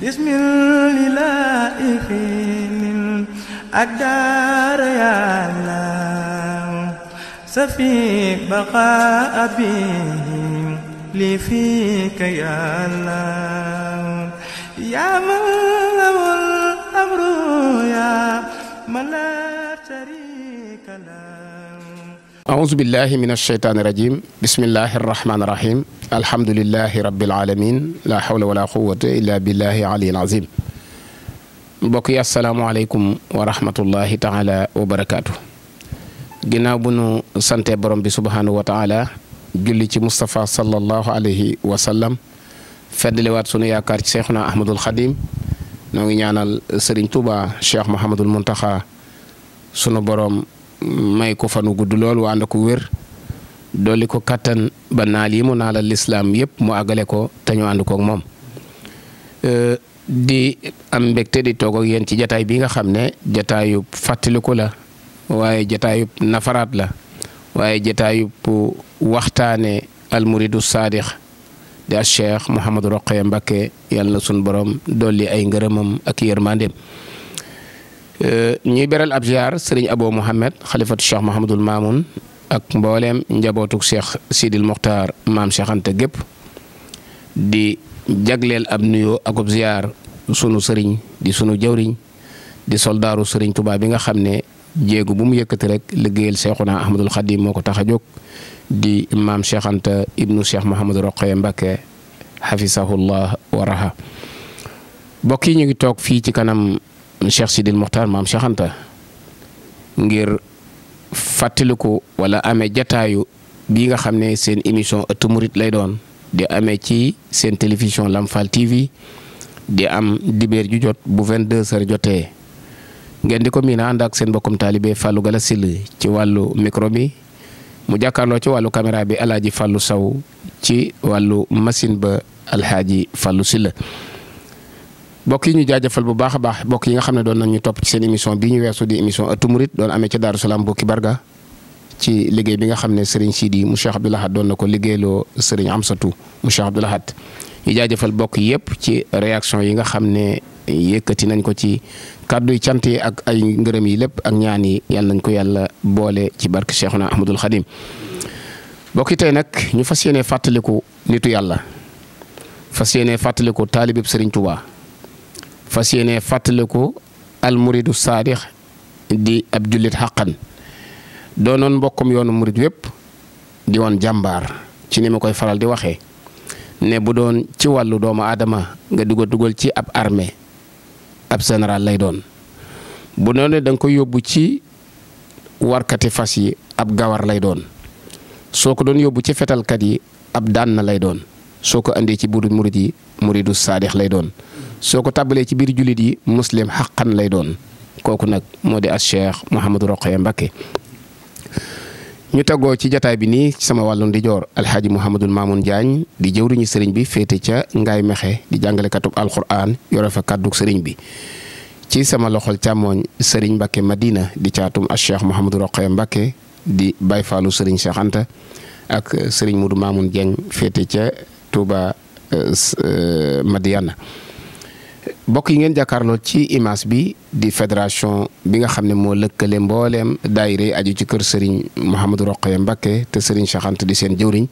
bismillaahi أدار يا الله سفي بقاء أبيهم لي فيك يا الله يا من له الأمر يا من لا أعوذ بالله من الشيطان الرجيم بسم الله الرحمن الرحيم الحمد لله رب العالمين لا حول ولا قوة إلا بالله العلي العظيم mbokk yi asalaamaaleykum wa rahmatullahi taala wa barakaatu ginnaaw bu nu sante borom bi subhaanahu wa taala julli ci Moustapha sallallahu alayhi wa sallam feddaliwaat sunu yaakaar ci Cheikhuna Ahmadul Xadim noo ngi ñaanal Serigne Touba Cheikh Mouhamadul Muntaxa sunu borom may ko fanu gudd lool waa na ko wér dolli ko kattan ba naal yi mu naalal lislaam yëpp mu àggale ko te ñu moom euh, di am mbégte di toog ak yéen ci jataay bi nga xam ne jataayub fàttaliku la waaye jataayub nafaraat la waaye jataayub waxtaane almuridu saadix di a cheikh Mouhamadou Rokhaya Mbacké yàlla na sun borom dolli ay ngërëmam ak yërmandeem Euh, ñuy beral ab ziar sëriñ Abo Mouhamed xalifatu cheikh Mahamadul Mamoun ak mbooleem njabootuk cheikh Sidil Mokhtar maam Cheikh Anta gépp di jagleel ab nuyoo akub ziar sunu sëriñ di sunu jawriñ di soldaaru sëriñ Tuubaa bi nga xam ne jéegu bu mu yëkkati rek liggéeyal Seexuna Ahmadul Xadim moo ko tax a jóg di maam Cheikh Anta ibnu cheikh Mahamadou Roqee Mbacke xafisahullah waraha mbokk ñu toog fii ci kanam. Cheikh Sidil Muxtaar maam Cheikh Anta ngir fàttaliku wala amee jataayu bi nga xam ne seen émission ëttu lay doon di amee ci seen télévision Lamfal TV di am dibéer ju jot bu vingt deux h jotee ngeen di ko miin ànd ak seen bokkum taalibe Fallou Galass Syll ci wàllu micro mu jàkkaarloo ci wàllu caméra bi Alaaji Fallou saw ci wàllu machine ba Alxaaji Fallou Syll bokk yi ñu jaajëfal bu baax a baax mbokk yi nga xam ne doon nañu topp ci seen émission bii ñu weesu di émission Ëttu Murid doon amee ca Daaru Salaam Bokki Barga ci liggéey bi nga xam ne Serigne Sidi mu Cheikh Abdoul Ahad doon na ko liggéeyloo Serigne Amsatou mu Cheikh Abdoul Ahad ñu jaajëfal bokk yëpp ci réaction yi nga xam ne yëkkati nañ ko ci kàddu yi cant yi ak ay ngërëm yi lépp ak ñaan yi yàlla nañ ko yàlla boole ci barke na Ahmadul Xadim mbokk yi tey nag ñu fas yéenee fàttaliku nitu yàlla fas yéenee fàttaliku taalibib Serigne Touba. fas yéene fàttaliku almuridu saadix di ab jullit xaqan doonoon mbokkum yoonu murid wépp di woon jàmbaar ci ni ma koy faral di waxee ne bu doon ci wàllu doomu aadama nga dugal dugal ci ab armee ab général lay doon bu doone da nga koy yóbbu ci warkati fas yi ab gawar lay doon soo ko doon yóbbu ci fetalkat yi ab daan na lay doon soo ko indee ci budu murid yi muridu saadix lay doon soo ko tàbbalee ci biir jullit yi muslim xaqan lay doon kooku nag moo di as cheikh Mouhamadou Rokhaya Mbacké ñu tegoo ci jataay bi nii sama wàllu di joor alxaaji Mouhamadul Mamoun Diagne di jëwriñu sëriñ bi féete ca ngay Mexe di jàngalekatub alquran yore fa kàddug sëriñ bi ci sama loxol càmmooñ sëriñ Mbacké Madina di caatum as cheikh Mouhamadou Rokhaya Mbacké di bayfaalu sëriñ Cheikh Anta ak sëriñ Moudou Mamoun Diagne féete ca tuuba euh, euh, Madiana bokk yi ngeen jàkkaarloo ci image bi di fédération bi nga xam ne moo lëkkale mbooleem daayira aju ci kër Serigne Mouhamadou Rokhaya Mbacké te Serigne Cheikh di seen jëwriñ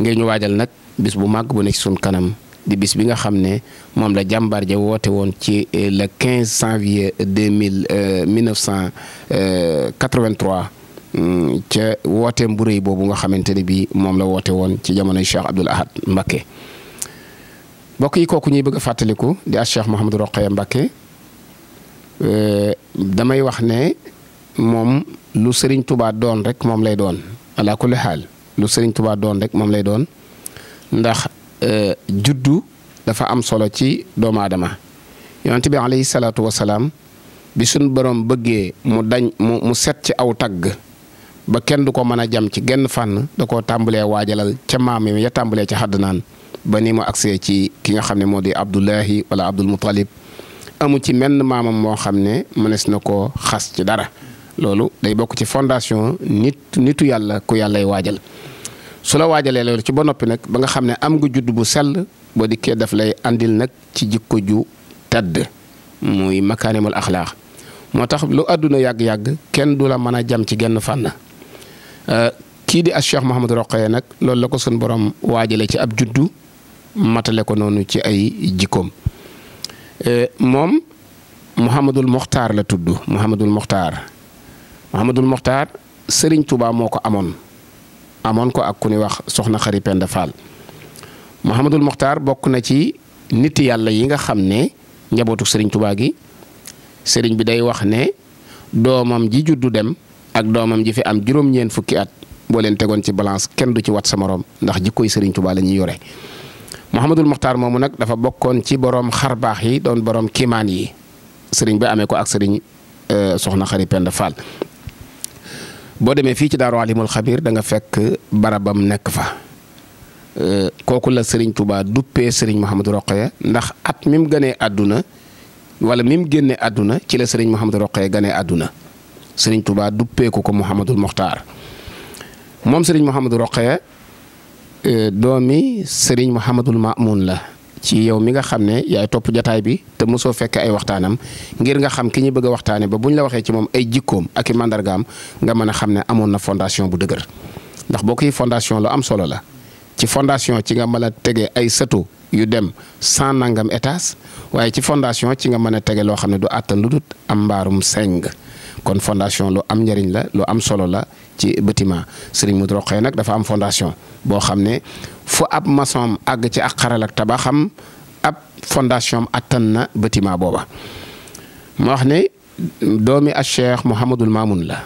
ngeen ñu waajal nag bis bu màgg bu nekk ci kanam di bis bi nga xam ne moom la jàmbaar ja woote woon ci eh, le 15 janvier 2000 1983 euh, euh, hmm, ca wooteem bu rëy boobu nga xamante ne bii moom la woote woon ci jamonoy Cheikh Abdoul Ahad Mbacké mbokk yi kooku ñuy bëgg a fàttaliku di as cheikh Mouhamadou Rokhaya Mbacké euh, damay wax ne moom lu sëriñ tubaa doon rek moom lay doon ala kulli lu sëriñ tubaa doon rek moom lay doon ndax euh, juddu dafa am solo ci doomu aadama yonent bi alayhi salaatu wasalaam bi suñ borom bëggee mu dañ mu mu set ci aw tagg ba kenn du ko mën a jam ci genn fànn da koo tàmbalee waajalal ca maam ya tàmbalee ca xadd naan ba ni mu agsee ci ki nga xam ne moo di Abdullahi wala Abdul Muttalib amu ci menn maamam moo xam ne mënees na koo xas ci dara loolu day bokk ci fondation nit nitu yàlla ku yàllay waajal su la waajalee loolu ci ba noppi nag ba nga xam ne am nga judd bu sell boo dikkee daf lay andil nag ci jikko ju tedd muy makaarimul axlaax moo tax lu àdduna yàgg-yàgg kenn du la mën a jam ci genn fànn euh, kii di as cheikh Mouhamadou Roqaye nag loolu la ko sun boroom waajale ci ab juddu matale ko noonu ci ay jikkoom e, moom Mouhamadul Mokhtar la tudd Mouhamadul Mokhtar Mouhamadul Mokhtar Serigne Touba moo ko amoon amoon ko ak ku ñuy wax soxna Xari Penda Fall Mouhamadul Mokhtar bokk na ci nit yàlla yi nga xam ne njabootu sëriñ Touba gi Serigne bi day wax ne doomam ji juddu dem ak doomam ji fi am juróom ñeen fukki at boo leen tegoon ci balance kenn du ci wat sa morom ndax jikkoy Serigne Touba la ñuy yore. Mouhamadul Muxtaar moomu nag dafa bokkoon ci borom xar baax yi doon borom kiimaan yi sëriñ bi amee ko ak sëriñ euh, soxna Xari Penda Fall. boo demee fii ci daaru alimul xabir da nga fekk barabam nekk fa euh, kooku la sëriñ Touba duppee sëriñ Mouhamadou Rokhaya ndax at mi mu àdduna wala mi mu génnee àdduna ci la sëriñ Mouhamadou Rokhaya gënee àdduna sëriñ Touba duppeeku ko Mouhamadul Mokhtar moom sëriñ Mouhamadou Rokhaya doomi sëriñ Mouhamadul Mamoun la ci yow mi nga xam ne yaay topp jataay bi te mosoo fekkee ay waxtaanam ngir nga xam ki ñu bëgg a waxtaane ba bu ñu la waxee ci moom ay jikkoom ak i mandargaam nga mën a xam ne amoon na fondation bu dëgër ndax boo koy fondation lu am solo la ci fondation ci nga mën a tege ay sëtu yu dem sans nangam étage waaye ci fondation ci nga mën a tege loo xam ne du àttan lu dut am mbaarum seng kon fondation lu am njëriñ la lu am solo la ci bâtiment Serigne Modou Rokhaya nag dafa am fondation boo xam ne fu ab maçon àgg ci ak xaral tabaxam ab fondation attan na bâtiment booba moo wax ne doomi ak Cheikh Mouhamadul Mamoun la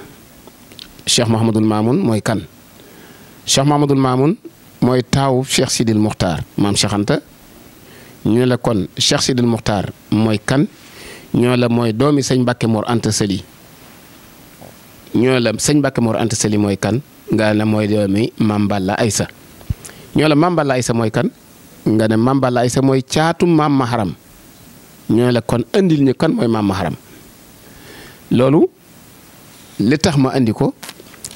Cheikh Mouhamadul Mamoun mooy kan Cheikh Mouhamadul Mamoun mooy taawu Cheikh Sidil Muxtaar ñu ne la kon Cheikh Sidil mooy kan ñoo la mooy doomi sëñ Mbàkke Mor Anta Sali ñoo la sëñ Mbàkke Mor Anta Sali mooy kan nga ne mooy doomi Maam Balla Aysa ñoo la Maam Balla Aysa mooy kan nga ne Maam Balla mooy caatu Maam Maharam ñoo la kon andil ñu kan mooy Maam Maharam loolu li tax ma indi ko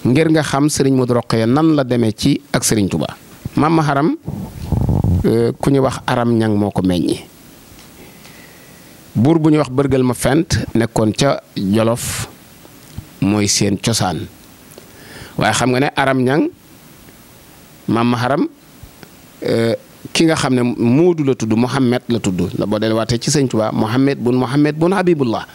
ngir nga xam sëriñ Modou Rokhaya nan la demee ci ak sëriñ Touba Maam Maharam euh, ku ñu wax Aram Ñang moo ko meññi buur bu ñu wax bërgal ma fent nekkoon ca Jolof mooy seen cosaan waaye xam nga ne aram ñang maam maharam euh, ki nga xam ne Moodu la tudd Mohamed la tudd la boo dee waatee ci sëñ Tuubaa Mohamed bun Mohamed bun Habibullah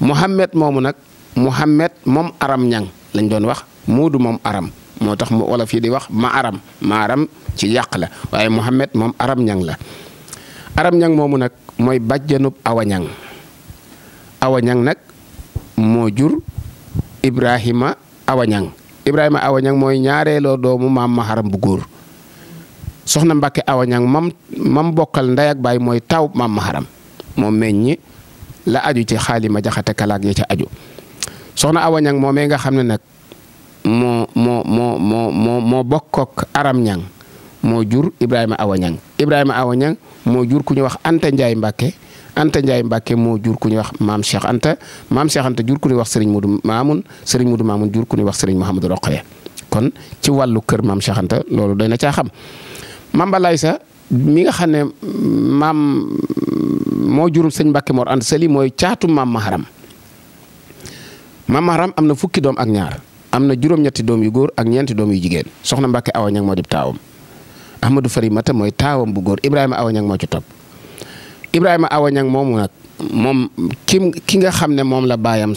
Mohamed moomu nag Mohamed moom aram ñang lañ doon wax Moodu moom aram moo tax mu wolof yi di wax ma aram ma aram ci yàq la waaye Mohamed moom aram ñang la aram ñang moomu nag mooy bàjjanub awa ñang awa ñang nag moo jur Ibrahima Awañang Ibrahima Awañang mooy ñaareeloo doomu maam Maharam bu góor soxna Mbacke Awañang mam mam bokkal ndey baay mooy taw maam Maharam moom meññi la aju ci xaalima jaxate kalaak ya ca aju soxna Awañang moomee nga xam ne nag moo moo moo moo moo moo bokkook Aram Ñang moo jur Ibrahima Awañang Ibrahima Awañang moo jur ku ñu wax Anta Ndiaye Mbacke. Anta Ndiaye Mbacke moo jur ku ñuy wax maam Cheikh maam Cheikh jur ku ñuy wax Serigne Modou Mamoun Serigne Modou Mamoun jur ku ñuy wax Serigne Mouhamadou Rokhaya kon ci wàllu kër maam Cheikh loolu doy na caa xam maam Balaye sa mi xam ne maam moo jurum sëñ Mbacke Mor Anta Sali mooy caatu maam Maharam maam Maharam am na fukki doom ak ñaar am na juróom-ñetti doom yu góor ak ñeenti doom yu jigéen soxna Mbacke Awa Ñang moo di taawam Ahmadou Fary Mata mooy taawam bu góor Ibrahima Awa Ñang moo ci topp. Ibrahima Awa Niang moomu nag moom ki nga xam ne moom la baayam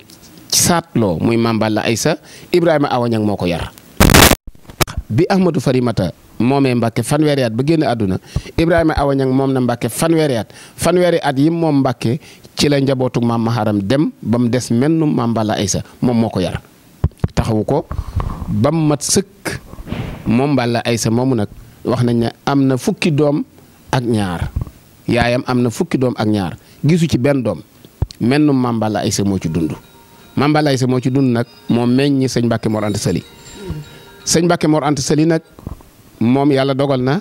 saatloo muy Mamballa Aysa Ibrahima Awa Niang moo ko yar. bi Ahmadou Farimata moomee Mbacke fanweeri at ba génn àdduna Ibrahima Awa moom na Mbacke fanweeri at at yi moom Mbacke ci la njabootu maam Maharam dem ba mu des mennu Mamballa Aysa moom moo ko yar taxawu ko ba mu mat sëkk moom Mballa Aysa moomu nag wax nañ ne am na fukki doom ak ñaar. yaayam am na fukki doom ak ñaar gisu ci benn doom menn Mambala Aysa moo ci dund mambalaay Aysa moo ci dund nag moo meññi sëñ Mbàkke Mor Anta Sali sëñ Mbàkke Mor Anta Sali nag moom yàlla dogal na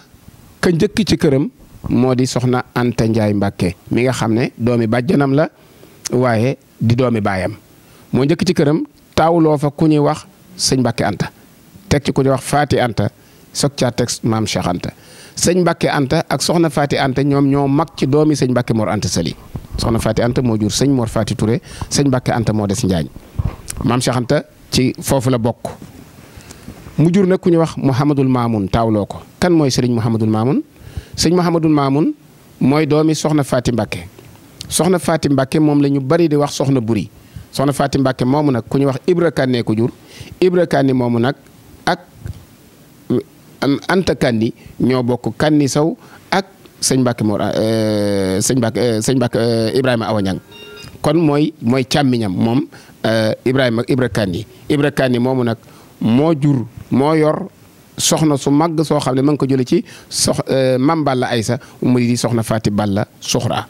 ka njëkk ci këram moo di soxna Anta Ndiaye Mbàkke mi nga xam ne doomi bàjjanam la waaye di doomi baayam moo njëkk ci këram taawuloo fa ku ñuy wax sëñ Mbàkke Anta teg ci ku ñuy wax Faati Anta soog caa teg maam Cheikh sëñ Mbacke Anta ak soxna Faati Anta ñoom ñoo mag ci doomi sëñ Mbacke Mor Anta Sali soxna Faati Anta moo jur sëñ Mor Faati Touré sëñ Mbacke Anta moo des Njaañ maam Cheikh ci foofu la bokk. mu jur nag ku ñu wax mu Mouhamadul Mamoun taawloo ko kan mooy sëriñ Mouhamadul Mamoun sëñ Mouhamadul Mamoun mooy doomi soxna Faati Mbacke soxna Faati Mbacke moom la ñu bari di wax soxna buri soxna Faati Mbacke moomu nag ku ñu wax Ibra Kane ko jur Ibra Kane moomu nag. Anta Kandi ñoo bokk Kandi Sow ak sëñ Mbacke Mor euh, sëñ Mbacke euh, sëñ Mbacke euh, Ibrahima Awa kon mooy mooy càmmiñam moom Ibrahima Ibra Kandi Ibra Kandi moomu nag moo jur moo yor soxna su màgg soo xam ne ma ngi ko jëlee ci sox mam Balla Aysa mu di soxna Faati Balla Suxra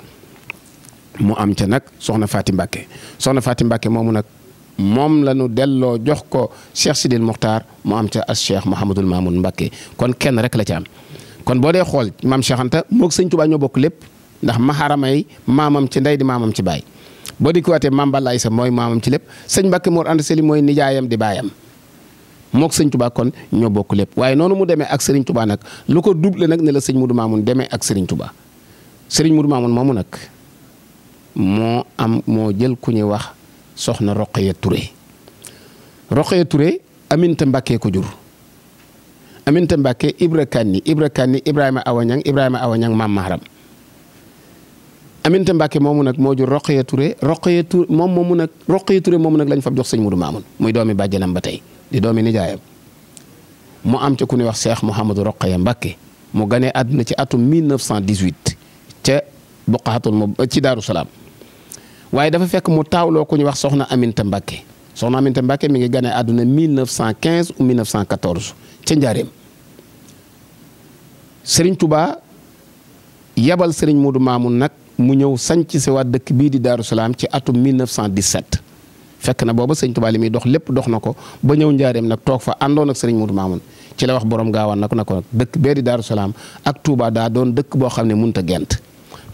mu am ca nag soxna Faati Mbacke soxna Faati Mbacke moomu nag. moom la ñu delloo jox ko Cheikh Sidil Muxtaar mu am ca as Cheikh Mouhamadul Mamoun Mbakke kon kenn rek la ci am. kon boo dee xool maam Cheikh Anta moog sëñ Tuubaa bokk lépp ndax maxaramay maamam ci ndey di maamam ci baay boo di ko waatee maam Balla Aysa mooy maamam ci lépp sëñ Mbakke Mor Anta Sali mooy nijaayam di baayam. mook sëñ Touba kon ñoo bokk lépp waaye noonu mu demee ak Serigne Touba nag lu ko double nag ne la sëñ Moudou Mamoun demee ak Serigne Touba Serigne Moudou Mamoun moomu nag moo am moo jël ku ñuy wax soxna Roqaya Touré Roqaya Touré Aminta Mbacke ko jur Aminta Mbacke Ibra Kani Ibra Kani Ibrahima Awañang Ibrahima Awañang maam Maharam Aminta Mbacke moomu nag moo jur Roqaya Touré Roqaya Touré moom moomu nag Roqaya Touré moomu nag lañ fab jox sëñ Moudou Mamoun muy doomi bàjjanam ba tey di doomi nijaayam mu am ca ku ñuy wax Seex Mouhamadou Roqaya Mbacke mu ganee àdduna ci atum 1918 ca buqaatul mu ci Daaru waaye dafa fekk mu taawloo ku ñu wax soxna Aminta Mbacke soxna Aminta Mbacke mi ngi gane àdduna 1915 ou 1914 ca Njaareem Serigne Touba yabal Serigne Modou Mamoun nag mu ñëw sanc si waat dëkk bii di Darou Salaam ci atum 1917 fekk na booba Serigne Touba li muy dox lépp dox na ko ba ñëw Njaareem nag toog fa àndoon ak Serigne Modou Mamoun ci la wax borom gaawaan nag na ko dëkk bee di Darou Salaam ak Touba daa doon dëkk boo xam ne mënut gent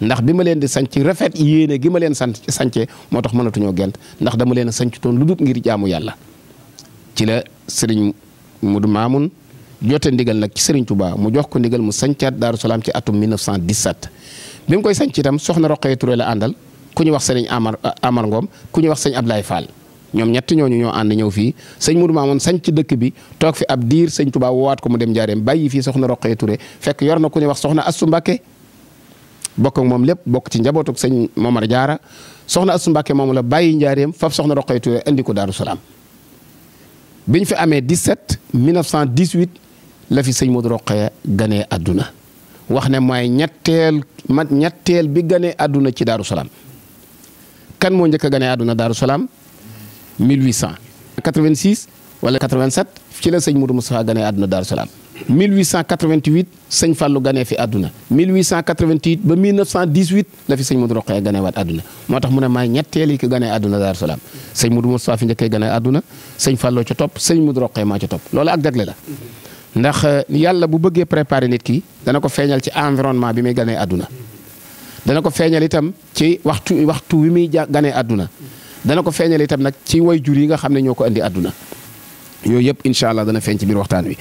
ndax bi ma leen di sanc rafet yéene gi ma leen sant sance moo tax mënatuñoo gent ndax dama leen a sanc toon lu dut ngir jaamu yàlla ci la sëriñ Mudu Maamun jote ndigal nag ci sëriñ Tuubaa mu jox ko ndigal mu sancaat Daaru Salaam ci atum 1917 bi mu koy sanc itam soxna Roqaya Touré la àndal ku ñu wax sëriñ Amar Amar Ngom ku ñu wax ab Ablaye Fall ñoom ñetti ñett ñu ñoo ànd ñëw fii sëñ Mudu Maamun sanc dëkk bi toog fi ab diir sëñ Tuubaa woowaat ko mu dem Njaareem bàyyi fii soxna Roqaya Touré fekk yor na ku ñuy wax soxna Assu Mbàkke bokk ak moom lépp bokk ci njabootuk sëñ Momar Jaara soxna Astu Mbàkke moom la bàyyi njaareem faf soxna Roqay Touré andi ko Daaru Salaam biñ fi amee 17 1918 la fi sëñ moo Modou Roqaya ganee àdduna wax ne mooy ñetteel ma bi ganee àdduna ci Daaru Salaam kan moo njëkk a ganee àdduna Daaru Salaam 1886 wala 87 ci la sëñ Modou Moustapha ganee àdduna Daaru Salaam 1888 sëñ Fallou ganee fi àdduna 1888 ba 1918 la fi sëñ Modou Rokhaya ganee waat àdduna moo tax mu ne maay ñetteel yi ko ganee àdduna Daaru Salaam sëñ Modou Moustapha fi njëkkee ganee àdduna sëñ Fallou ca topp sëñ Modou Rokhaya maa ca topp loolu ak jagle la ndax euh, yàlla bu bëggee préparer nit ki dana ko feeñal ci environnement bi muy ganee àdduna dana ko feeñal itam ci waxtu waxtu wi muy ganee àdduna dana ko feeñal itam nag ci way jur yi nga xam ne ñoo ko andi àdduna yooyu yëpp incha allah dana feeñ ci biir waxtaan wi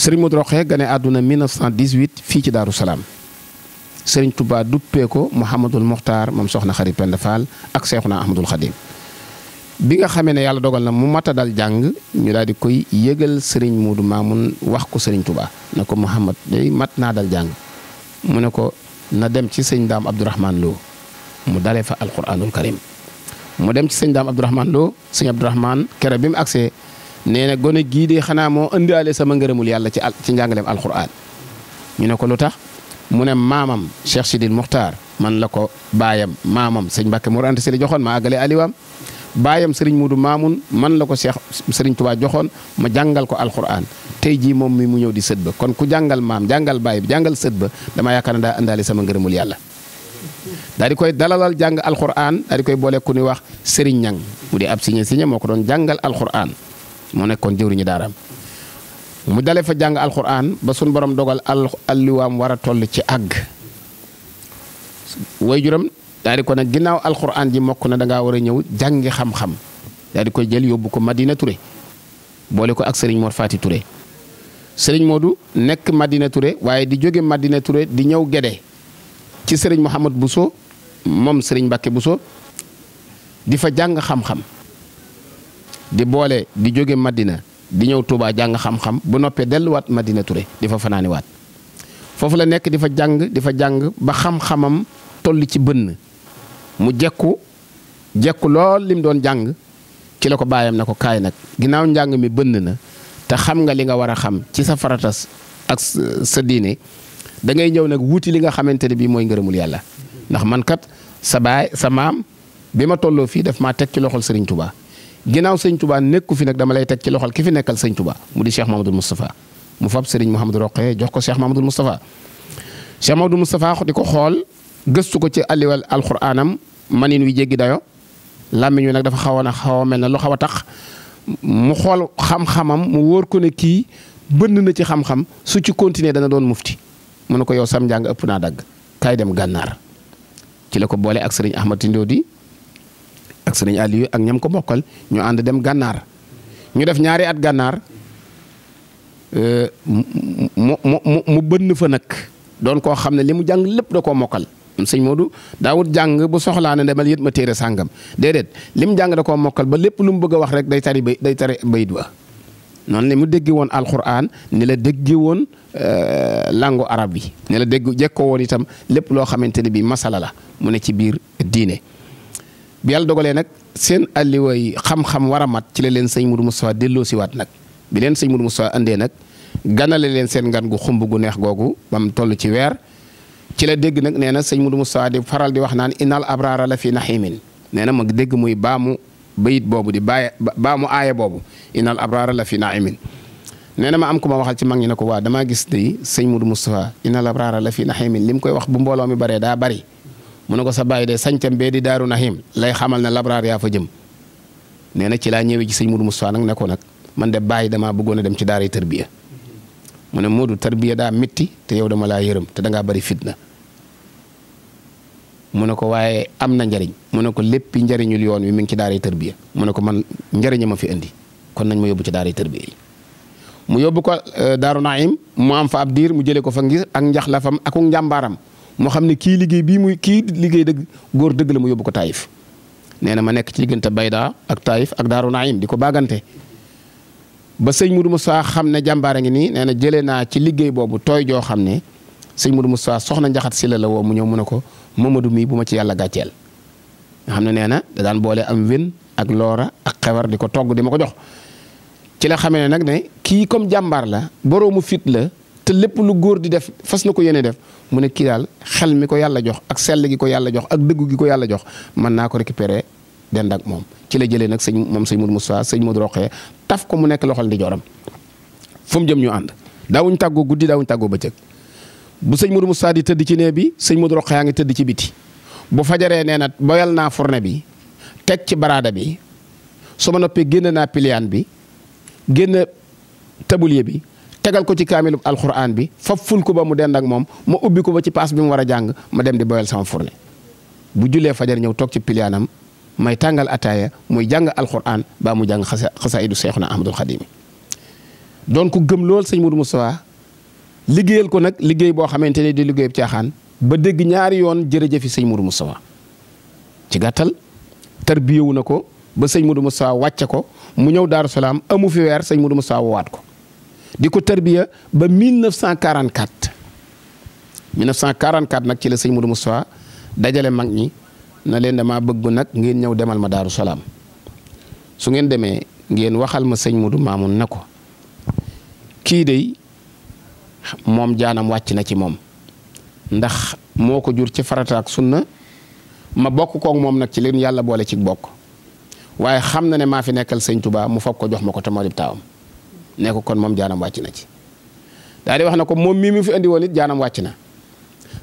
Serigne Modou Rokhaya gane àdduna 1918 fii ci Daaru Salaam tubaa Touba duppee ko mu Mouhamadul Mokhtar moom soxna Xarit Penda Fall ak Seexuna Ahmadul Xadim bi nga xamee ne yàlla dogal na mu mat a dal jàng ñu daal di koy yëgal Serigne Modou Mamoun wax ko sëriñ Touba ne ko Mouhamad day mat naa dal jàng mu ne ko na dem ci sëñ daam Abdourahman Lo mu dalee fa alquranul karim mu dem ci sëñ daam Abdourahman Lo nee na gone gii de xanaa moo indiwaale sama ngërëmul yàlla ci al ci njàngaleem alxuraan ñu ne ko lu tax mu ne maamam Cheikh Sidil Muxtaar man la ko baayam maamam sëñ Mbàkke Mor Anta Sali joxoon ma àggale baayam sëriñ Muudu Maamun man la ko Cheikh sëriñ Tubaa joxoon ma jàngal ko alxuraan tey jii moom mi mu ñëw di sët ba kon ku jàngal maam jàngal baay bi jàngal sët ba dama yaakaar ne daa indaale sama ngërëmul yàlla daal di koy dalalal jàng alxuraan daal di koy boole ku ni wax sëriñ ñang mu di ab siñe siñe moo ko doon jàngal alxuraan mu nekkoon jëwriñu daaraam mu dale fa jàng alxuraan ba sun borom dogal al alliwaam war a toll ci àgg waajuram daal di kon ne ginnaaw alxuraan ji mokk na da ngaa war a ñëw jàngi xam-xam daal di koy jël yóbbu ko Madina Touré boole ko ak sëriñ Mor Faati Touré sëriñ Modou nekk Madina ture waaye di jóge Madina Touré di ñëw Gédé ci sëriñ bu Bousso moom sëriñ bu Bousso di fa jàng xam-xam. di boole di jóge maddina di ñëw Touba jàng xam-xam bu noppee delluwaat Madina Touré di fa waat foofu la nekk di fa jàng di jàng ba xam-xamam toll ci bënn mu jekku jekku lool lim doon jàng ci la ko bàyyam na ko kaay nag ginnaaw njàng mi bënn na te xam nga li nga war a xam ci sa faratas ak sa diine dangay ngay ñëw nag wuti li nga xamante ne bii mooy ngërëmul yàlla ndax man kat sa baay sa maam bi ma tolloo fii def maa teg ci loxol sëriñ Touba. ginnaaw sëñ tubaa nekku fi nag dama lay teg ci loxol ki fi nekkal sëñ tubaa mu di cheikh mahamadul moustapha mu fab sëriñ mouhamadou roqee jox ko cheikh mahamadul moustapha cheikh mahamadou moustapha di ko xool gëstu ko ci aliwal alliwal alquraanam manin wi jéggi dayo làmmiñ wi nag dafa xawoon a xaw a mel ne lu xaw a tax mu xool xam-xamam mu wóor ko ne kii bënn na ci xam-xam su ci continuer dana doon mufti mu ne ko yow sam njàng ëpp naa dagg kaay dem gànnaar ci la ko boole ak sëriñ Ahmad Tindodi ak sëriñ Aliou ak ñam ko bokkal ñu ànd dem gànnaar ñu def ñaari at gànnaar euh, mu mu mu bënn fa nag doon koo xam ne li mu jàng lépp da koo mokkal. sëñ Modou daawut jàng bu soxlaa ne demal yët ma téere sàngam déedéet li mu jàng da koo mokkal ba lépp lu mu bëgg a wax rek day tari day tari bayit ba noonu ne mu dégg woon alxuraan ni la dégg woon euh, langu arab bi ni la dégg jekkoo woon itam lépp loo xamante ne bii masala la mu ne ci biir diine. bi yàlla dogalee nag seen alliwa yi xam-xam war a mat ci la leen sëñ Mourou Moustapha delloo siwaat nag bi leen sëñ Mourou Moustapha andee nag ganale leen seen ngan gu xumb gu googu ba mu toll ci weer ci la dégg nag nee na sëñ Mourou Moustapha faral di wax naan innal abraara la fi naxiimin nee na ma dégg muy baamu bayit boobu di baaye baamu aaya boobu innal abraara la fi naxiimin nee na ma am ku ma waxal ci mag ñi ne ko waa damaa gis day sëñ Mourou Moustapha innal abraara la fi naxiimin li mu koy wax bu mbooloo mi baree daa bari mu ne ko sa baay de sañcam bee di daaru nahim lay xamal na labraar yaa fa jëm nee na ci laa ñëwee ci sëñ Modou Moustapha nag ne ko nag man de bàyyi damaa bëggoon dem ci daaray tarbiya mu ne Modou tarbiya daa métti te yow dama laa yërëm te dangaa bari fitna mu ne ko waaye am na njariñ mu ne ko léppi njariñul yoon wi mi ngi ci daaray tarbiya mu ne ko man njariña ma fi indi kon nañ ma yóbbu ci daaray tarbiya mu yóbbu ko eh, daaru naim mu am fa ab diir mu jëlee ko fa ngir ak fam ak njàmbaaram moo xam ne kii liggéey bii muy kii liggéey dëgg góor dëgg la mu yóbbu ko Taïf nee na ma nekk ci diggante baydaa ak Taïf ak Daaru Naim di ko baagante ba sëñ Moudou Moussa xam ne jàmbaare ngi nii nee na jëlee naa ci liggéey boobu tooy joo xam ne sëñ Moudou Moussa soxna njaxat si la la woo mu ñëw mu ne ko Mamadou mii bu ma ci yàlla gàcceel nga xam ne nee na da daan boole am wen ak loora ak xewar di ko togg di ma ko jox ci la xamee ne nag ne kii comme jàmbaar la boroomu fit la te lépp lu góor di def fas na ko yéene def mu ne kii daal xel mi ko yàlla jox ak sell gi ko yàlla jox ak dëggu gi ko yàlla jox mën naa ko récupérer dend ak moom ci la jëlee nag sëñ moom sëñ Modou Moustapha sëñ Modou Roqee taf ko mu nekk loxol di joram fu jëm ñu ànd daawuñ tàggoo guddi daawuñ tàggoo bëccëg bu sëñ Modou Moustapha di tëdd ci nee bi sëñ Modou Roqee yaa ngi tëdd ci biti bu fajaree nee na boyal naa fourne bi teg ci baraada bi su ma noppee génn naa piliyaan bi génn tabulier bi tegal ko ci kaamilu alxuraan bi fab ful ko ba mu dend ak moom ma ubbi ko ba ci paas bi mu war a jàng ma dem di boyal sama fourne bu jullee fajar ñëw toog ci piliyaanam may tàngal ataaya muy jàng alxuraan ba mu jàng xasa xasaayidu seexuna ahmadul xadimi doon ko gëm lool sëñ Mourou Moustapha liggéeyal ko nag liggéey boo xamante ne di liggéeyub caaxaan ba dégg ñaari yoon jërëjëfi sëñ Mourou Moustapha ci gàttal tarbiyewu na ko ba sëñ Mourou Moustapha wàcce ko mu ñëw Daaru amu fi weer sëñ Mourou Moustapha waat ko. di ko tarbiya ba 1944 1944 nag ci la sëñ Modou Moustapha dajale mag ñi na leen maa bëgg nag ngeen ñëw demal ma Daaru Salaam su ngeen demee ngeen waxal ma sëñ Modou Mamoun na ko kii de moom jaanam wàcc na ci moom ndax moo ko jur ci farata ak sunna ma bokk koog moom nag ci leen yàlla boole ci bokk waaye xam na ne maa fi nekkal sëñ Touba mu fab ko jox ma ko te moo di taawam ne ko kon moom jaanam wàcc na ci daadi wax na ko moom mii mu fi andi jaanam wàcc na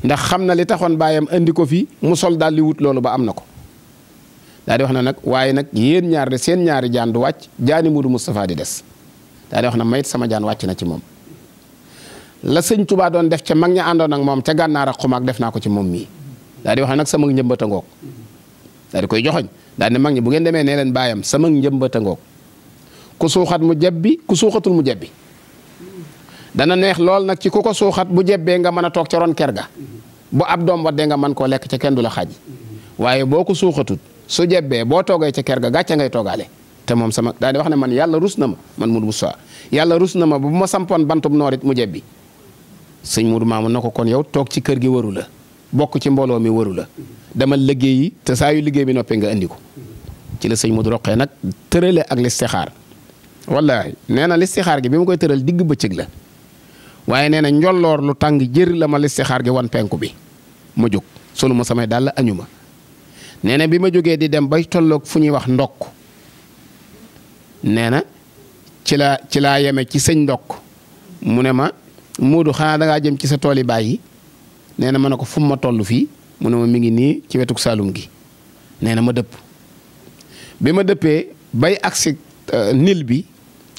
ndax xam na li taxoon baayam andi ko fi mu sol daal di wut loolu ba am na ko daal wax na nag waaye nag yéen ñaar de seen ñaari jaan du wàcc jaani Mudu Moustapha di des daadi wax na mayit sama jaan wàcc na ci moom la sëñ Tuubaa doon def ca mag ña àndoon ak moom ca gànnaar ak xumaag def naa ko ci moom mii daal di wax na nag sama njëmbata ngoog daal koy joxoñ daal di mag ñi bu ngeen demee leen baayam sama njëmbata ngoog ku suuxat mu jebbi ku suuxatul mu jebbi dana neex lool nag ci ku ko suuxat bu jebbee nga mën a toog ca ron ker ga bu ab doom waddee nga mën koo lekk ca kenn du la xaaj waaye boo ko suuxatul su jebbee boo toogee ca ker ga gàcce ngay toogaale te moom sama daal di wax ne man yàlla rus na ma man Modou saa yàlla rus na ma bu ma sampoon bantub noor it mu jebbi sëñ Modou Mamoune na ko kon yow toog ci kër gi waru la bokk ci mbooloo mi waru la demal liggéeyi te saa yu liggéey bi noppee nga andi ko ci la sëñ Modou nag tërale ak listixaar wallaahi nee na listixaar gi bi ma koy tëral digg bëccëg la waaye nee na njolloor lu tàng jër la ma listixaar gi wan penku bi ma jóg solu ma samay dàll añu ma nee na bi ma jógee di dem bay tolloog fu ñuy wax ndokk nee na ci la ci laa yeme ci sëñ ndokk mu ne ma Moodu xanaa da jëm ci sa tool yi bàyyi nee na ma ne ko fu mu ma toll fii mu ne ma mi ngi nii ci wetuk Saalum gi nee na ma dëpp bi ma dëppee bay agsi euh, nil bi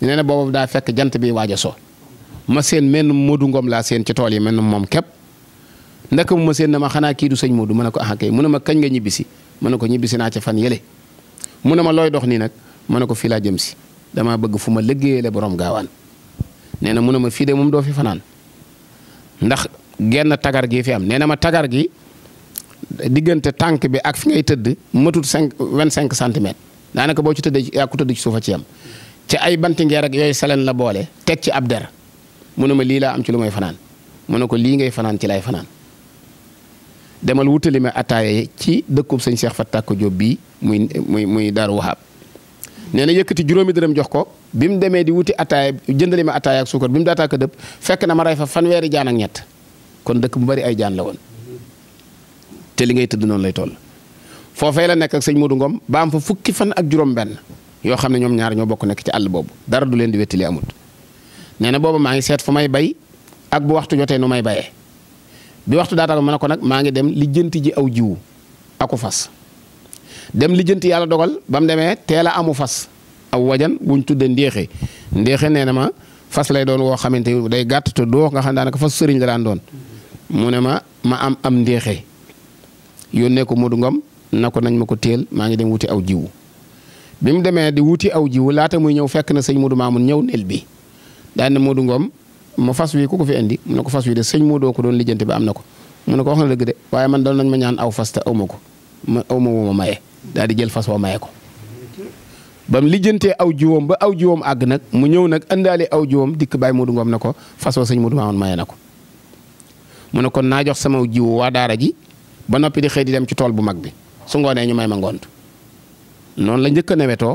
nee na boobu daa fekk jant bi waaj so ma seen menn Moodu ngoom laa seen ci tool yi mel na moom képp ndaka mu ma seen na ma xanaa kii du sëñ Moodu ma ne ko ah kay mu ne ma kañ nga ñibbisi ma ne ko ñibbisi naa ca fan yële mu ne ma looy dox nii nag ma ne ko fii laa jëm si damaa bëgg fu ma liggéeyale borom gaawaan nee na mu ne ma fii de moom doo fi fanaan ndax genn tagar gi fi am nee na ma tagar gi diggante tànk bi ak fi ngay tëdd matut cinq vingt cinq centimètres daanaka boo ci tëddee yaa ko tëdd ci suufa ci ci ay banti ngeer ak yooyu saleen la boole teg ci ab der mu ne ma lii laa am ci lu may fanaan mu ne ko lii ngay fanaan ci laay fanaan demal wutali ma ataaya ci dëkkub sëñ Cheikh Fatta ko Jóob bii muy muy muy Daaru Wahab nee na yëkkati juróomi dërëm jox ko bi mu demee di wuti ataaya jëndali ma ataaya ak suukar bi mu daataaka dëpp fekk na ma rey fa fanweeri jaan ak ñett kon dëkk bu bari ay jaan la woon te li ngay tëdd noonu lay tool foofee la nekk ak sëñ Modou Ngom fa fukki fan ak juróom yoo xam ne ñoom ñaar ñoo bokk nekk ci àll boobu dara du leen di wettali amut nee na boobu maa ngi seet fu may bay ak bu waxtu jotee nu may bayee bi waxtu daataal ma ne ko nag maa ngi dem lijjanti ji aw jiwu aku fas dem lijjanti yàlla dogal ba mu demee teel a amu fas aw wajan buñ tuddee ndéexe ndéexe nee na ma fas lay doon woo xamante ni day gàtt te doo nga xam daanaka fas sëriñ la daan doon mu ne ma ma am am ndéexe yónnee ko Modou Ngom na ko nañ ma ko teel maa ngi dem wuti aw jiw bi mu demee di wuti aw jiwu laata muy ñëw fekk na sëñ Modou Mamoun ñëw nel bi daan na Modou ma fas wi ku ko fi indi mu ne ko fas wi de sëñ Modou ko doon lijjante bi am na ko mu ne ko wax na waaye man doon nañ ma aw fas te ma ko ma aw ma ma daal di jël fas wa maye ko. aw jiwoom ba aw jiwoom àgg nag mu ñëw nag andaale aw jiwoom dikk bàyyi Modou Ngom na ko fas sëñ Modou Mamoun maye na ko. mu ne kon naa jox sama jiwu waa daara ji ba noppi di xëy di dem ci tool bu mag bi su ngoonee ñu may ma ngont noonu la njëkk a newetoo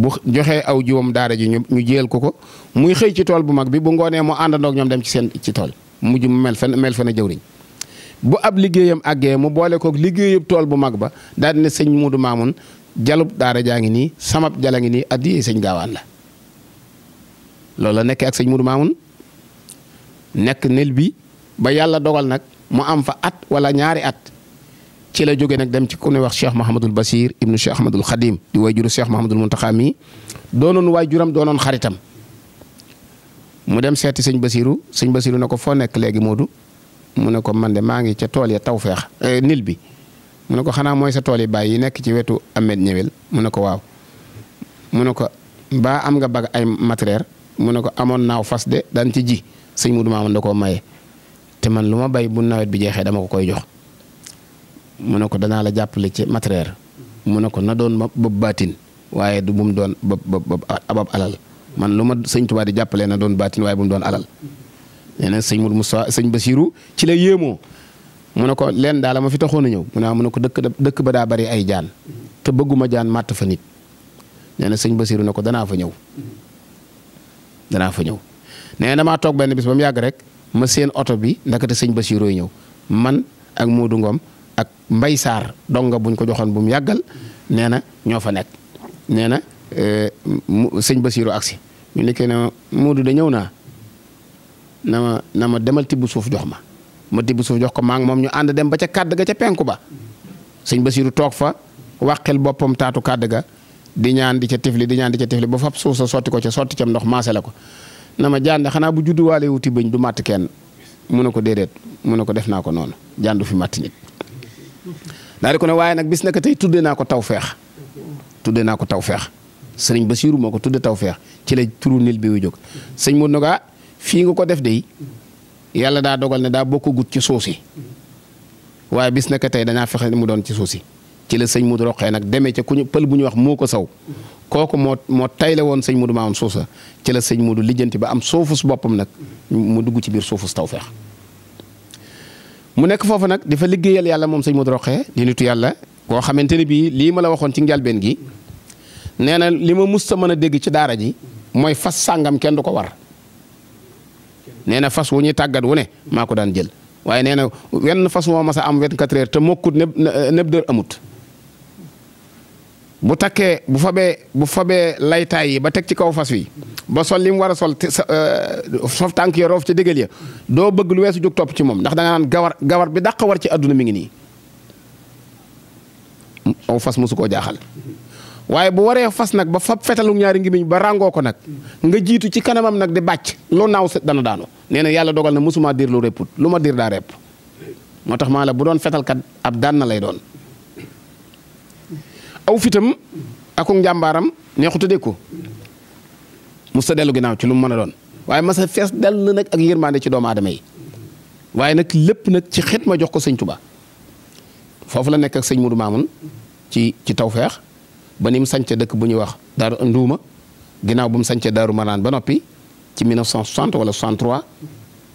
bu joxee aw jiwam daara ji ñu jiyal ko ko muy xëy ci tool bu mag bi bu ngoonee mu àndandoog ñoom dem ci seen ci tool mu mel fan mel fan a jëwriñ bu ab liggéeyam àggee mu boole koog liggéeyub tool bu mag ba daal di ne sëñ Muudu Maamun jalub daara jaa ngi nii samab jala ngi nii addiyee sëñ gaawaan la loolu la nekkee ak sëñ Muudu Maamun nekk nel bi ba yàlla dogal nag mu am fa at wala ñaari at ci la jógee nag dem ci ku ne wax Cheikh Mahamadul Basir ibnu Cheikh Ahmadul Xadim di waajuru Cheikh Mahamadul Muntaxa mi doonoon waajuram doonoon xaritam mu dem seeti sëñ Basiru sëñ Basiru na ko foo nekk léegi Moodu mu ne ko man de maa ngi ca tool ya tawfeex eh, nil bi mu ne ko xanaa mooy sa tool yi bàyyi yi nekk ci wetu am Ahmed ñëwel mu ne ko waaw mu ne ko mbaa am nga bag ay matériel mu ne ko amoon naaw fas de daan ci ji sëñ Moodu Maamun da koo maye te man lu ma bay bu nawet bi jeexee dama ko koy jox. mu ne ko danaa la jàppale ci matériel mu ne ko na doon ma bopp baatin waaye du bu mu doon bopp bopp abab alal man lu ma sëñ Tuubaa di jàppalee na doon baatin waaye bu mu doon alal nee na sëñ Mourou Moussa sëñ Basiru ci la yéemoo mu ne ko leen daala ma fi taxoon a ñëw mu ne mu ne ko dëkk dëkk ba daa bari ay jaan te bëgguma jaan màtt fa nit nee na sëñ Basiru ne ko danaa fa ñëw danaa fa ñëw nee na damaa toog benn bis ba mu yàgg rek ma seen oto bi ndakate sëñ Basiru ñëw man ak Modou Ngom ak mbay saar donga buñ ko joxoon bu mu yàggal nee na ñoo fa nekk nee na eh, sëñ Basiiru agsi ñu nekkee ne ma Moodu da ñëw naa na ma na ma demal tibb suuf jox ma ma tibb suuf jox ko maa ngi moom ñu ànd dem ba ca kàdd ga ca penku ba sëñ Basiiru toog fa wàqel boppam taatu kàdd ga di ñaan di ca tifli di ñaan di ca tifli ba fab suuf sa sotti ko ca sotti cam ndox maase la ko na ma jànd xanaa bu judduwaale wuti bëñ du màtt kenn mu ne ko déedéet mun ne ko def naa ko noonu jàndu fi màtt daa di ko ne waaye nag bis naka tey tuddee naa ko tawfeex tudde naa ko tawfeex sëriñ Basiiru moo ko tudde tawfeex ci la turu nil bi wu jóg sëñ Modou Noga fii nga ko def dey yàlla daa dogal ne daa bokk gut ci suuf si waaye bis naka tey dañaa fexe mu doon ci suuf si ci la sëñ Modou roqee nag demee ca ñu pël bu ñu wax moo ko saw kooku moo moo tayle woon sëñ Modou maa am suuf sa ci la sëñ Modou lijjanti ba am suufus boppam nag mu dugg ci biir suufus tawfeex mu nekk foofu nag dafa liggéeyal yàlla moom sëñ Modou Rokhaya di nitu yàlla koo xamante ne bii lii ma la waxoon ci njalbeen gi nee na li ma mus a mën a dégg ci daara ji mooy fas sàngam kenn du ko war nee na fas wu ñuy tàggat wu ne maa ko daan jël waaye nee na wenn fas moo mas am 24 heures te mokkut ne nëb dër amut. bu takkee bu fabee bu fabee laytaay yi ba teg ci kaw fas wi ba sol li mu war a sol euh, sof tànk ya roof ca déggal ya doo bëgg lu weesu jóg topp ci moom ndax danga nga naan gawar gawar bi dàq war ci àdduna mi ngi nii aw fas mosu koo jaaxal waaye bu waree fas nag ba fab fetalu ñaari ngimiñ ba ràngoo ko nag nga jiitu ci kanamam nag di bàcc loo naaw sa dana daanu nee na yàlla dogal na mosuma diir lu repput lu ma diir daa repp moo tax maa la bu doon fetalkat ab daan na lay doon aw fitam ak njàmbaaram neexu tëddee ko musta dellu ginnaaw ci lu mu mën a doon waaye masa fees dell na nag ak yërmande ci doomu aadama yi waaye nag lépp nag ci xet ma jox ko sëñ Tuba foofu la nekk ak sëñ Modou Mamoun ci ci tawfeex ba ni mu sancee dëkk bu ñuy wax daaru Nduuma ginnaaw bu mu sancee daaru Maraan ba noppi ci 1960 wala 63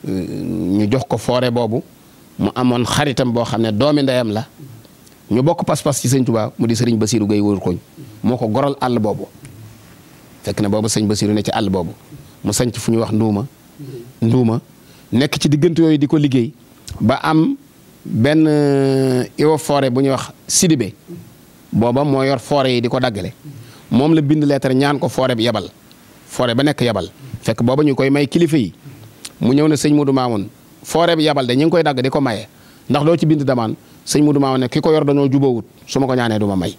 euh, ñu jox ko foore boobu mu amoon xaritam boo xam ne doomi ndeyam la ñu bokk pas-pas ci sëñ Tuubaa mu di sëriñ Basiiru Gay wóor koñ moo ko goral àll boobu fekk na boobu sëñ Basiiru ne ci àll boobu mu sanc fu ñuy wax nduuma nduuma nekk ci diggante yooyu di ko liggéey ba am benn iwo euh, foore bu ñuy wax Sidibé booba moo yor foore yi di ko daggale moom la bind lettre ñaan ko foore bi yabal foore ba nekk yabal fekk booba ñu koy may kilifa yi mu ñëw na sëñ Modou Mamoun foore bi yabal de ñu ngi koy dagg di ko maye ndax doo ci bind demande sëñ Modou Mamoune ki ko yor dañoo jubawut su ma ko ñaanee du ma may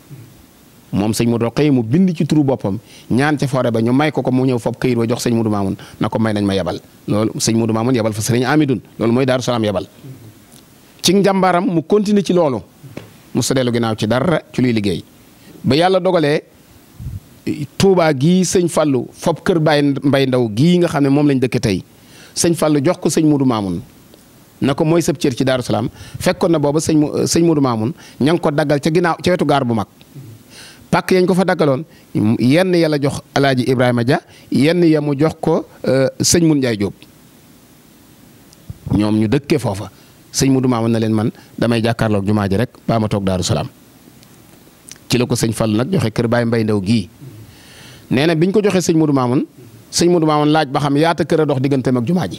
moom sëñ doo xëy mu bind ci turu boppam ñaan ca foore ba ñu may ko ko mu ñëw fob këyit wa jox sëñ Modou Mamoune na ko may nañ ma yebal loolu sëñ Modou Mamoune yebal fa sëriñ Amidun loolu mooy Daaru Salaam yebal ci njàmbaaram mu continuer ci loolu mu sa dellu ginnaaw ci dara ci luy liggéey ba yàlla dogalee Touba gii sëñ Fallou fob kër Baye Mbay Ndaw gii nga xam ne moom lañ dëkk tey sëñ Fallou jox ko sëñ Modou Mamoune na ko mooy sëb cër ci Daaru Salaam fekkoon na booba sëñ euh, sëñ Modou Mamoun ña ngi ko daggal ca ginnaaw ca wetu gaar bu mag pàkk yañ ko fa daggaloon yenn ya jox alaaji Ibrahima ja yenn ya mu jox ko euh, sëñ Mun Njaay Jóob ñoom ñu dëkkee foofa sëñ Modou Mamoun na leen man damay jàkkaarloog jumaa ji rek baa ma toog Daaru Salaam ci la ko sëñ Fall nag joxe kër Baay Mbay Ndaw gii nee na biñ ko joxee sëñ Modou Mamoun sëñ Modou Mamoun laaj ba xam yaata kër a dox digganteem ak jumaa ji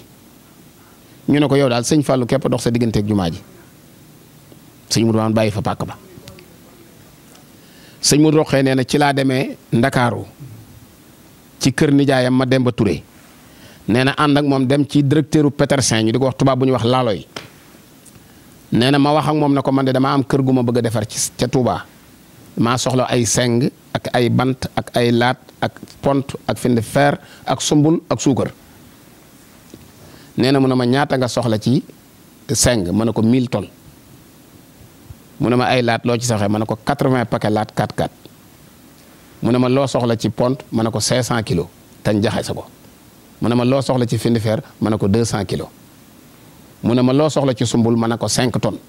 ñu ne ko yow daal sëñ Fallou képp dox sa digganteeg jumaa ji sëñ Modou Mamoune bàyyi fa pàkk ba sëñ Modou Rokhaya nee na ci laa demee Ndakaaru ci kër nijaayam ma Demba Touré nee na ànd ak moom dem ci directeur u Petersen ñu di ko wax tubaab bu ñuy wax Laloy nee na ma wax moom ne ko man de damaa am kër gu ma bëgg a defar ca Touba maa soxla ay seng ak ay bant ak ay laat ak pont ak find fer ak sumbul ak suukar. nee na mu ne ma ñaata nga soxla ci seng ma ne ko 1000 tonnes mu ne ma ay laat loo ci soxee ma ne ko 80 paquet laat 4x4 mu ne ma loo soxla ci pont ma ne ko 500 kilos tañ jaxase ko mun ne ma loo soxla ci findifeer ma ne ko 200 kilos mu ne ma loo soxla ci sumbul ma ne ko 5 tonnes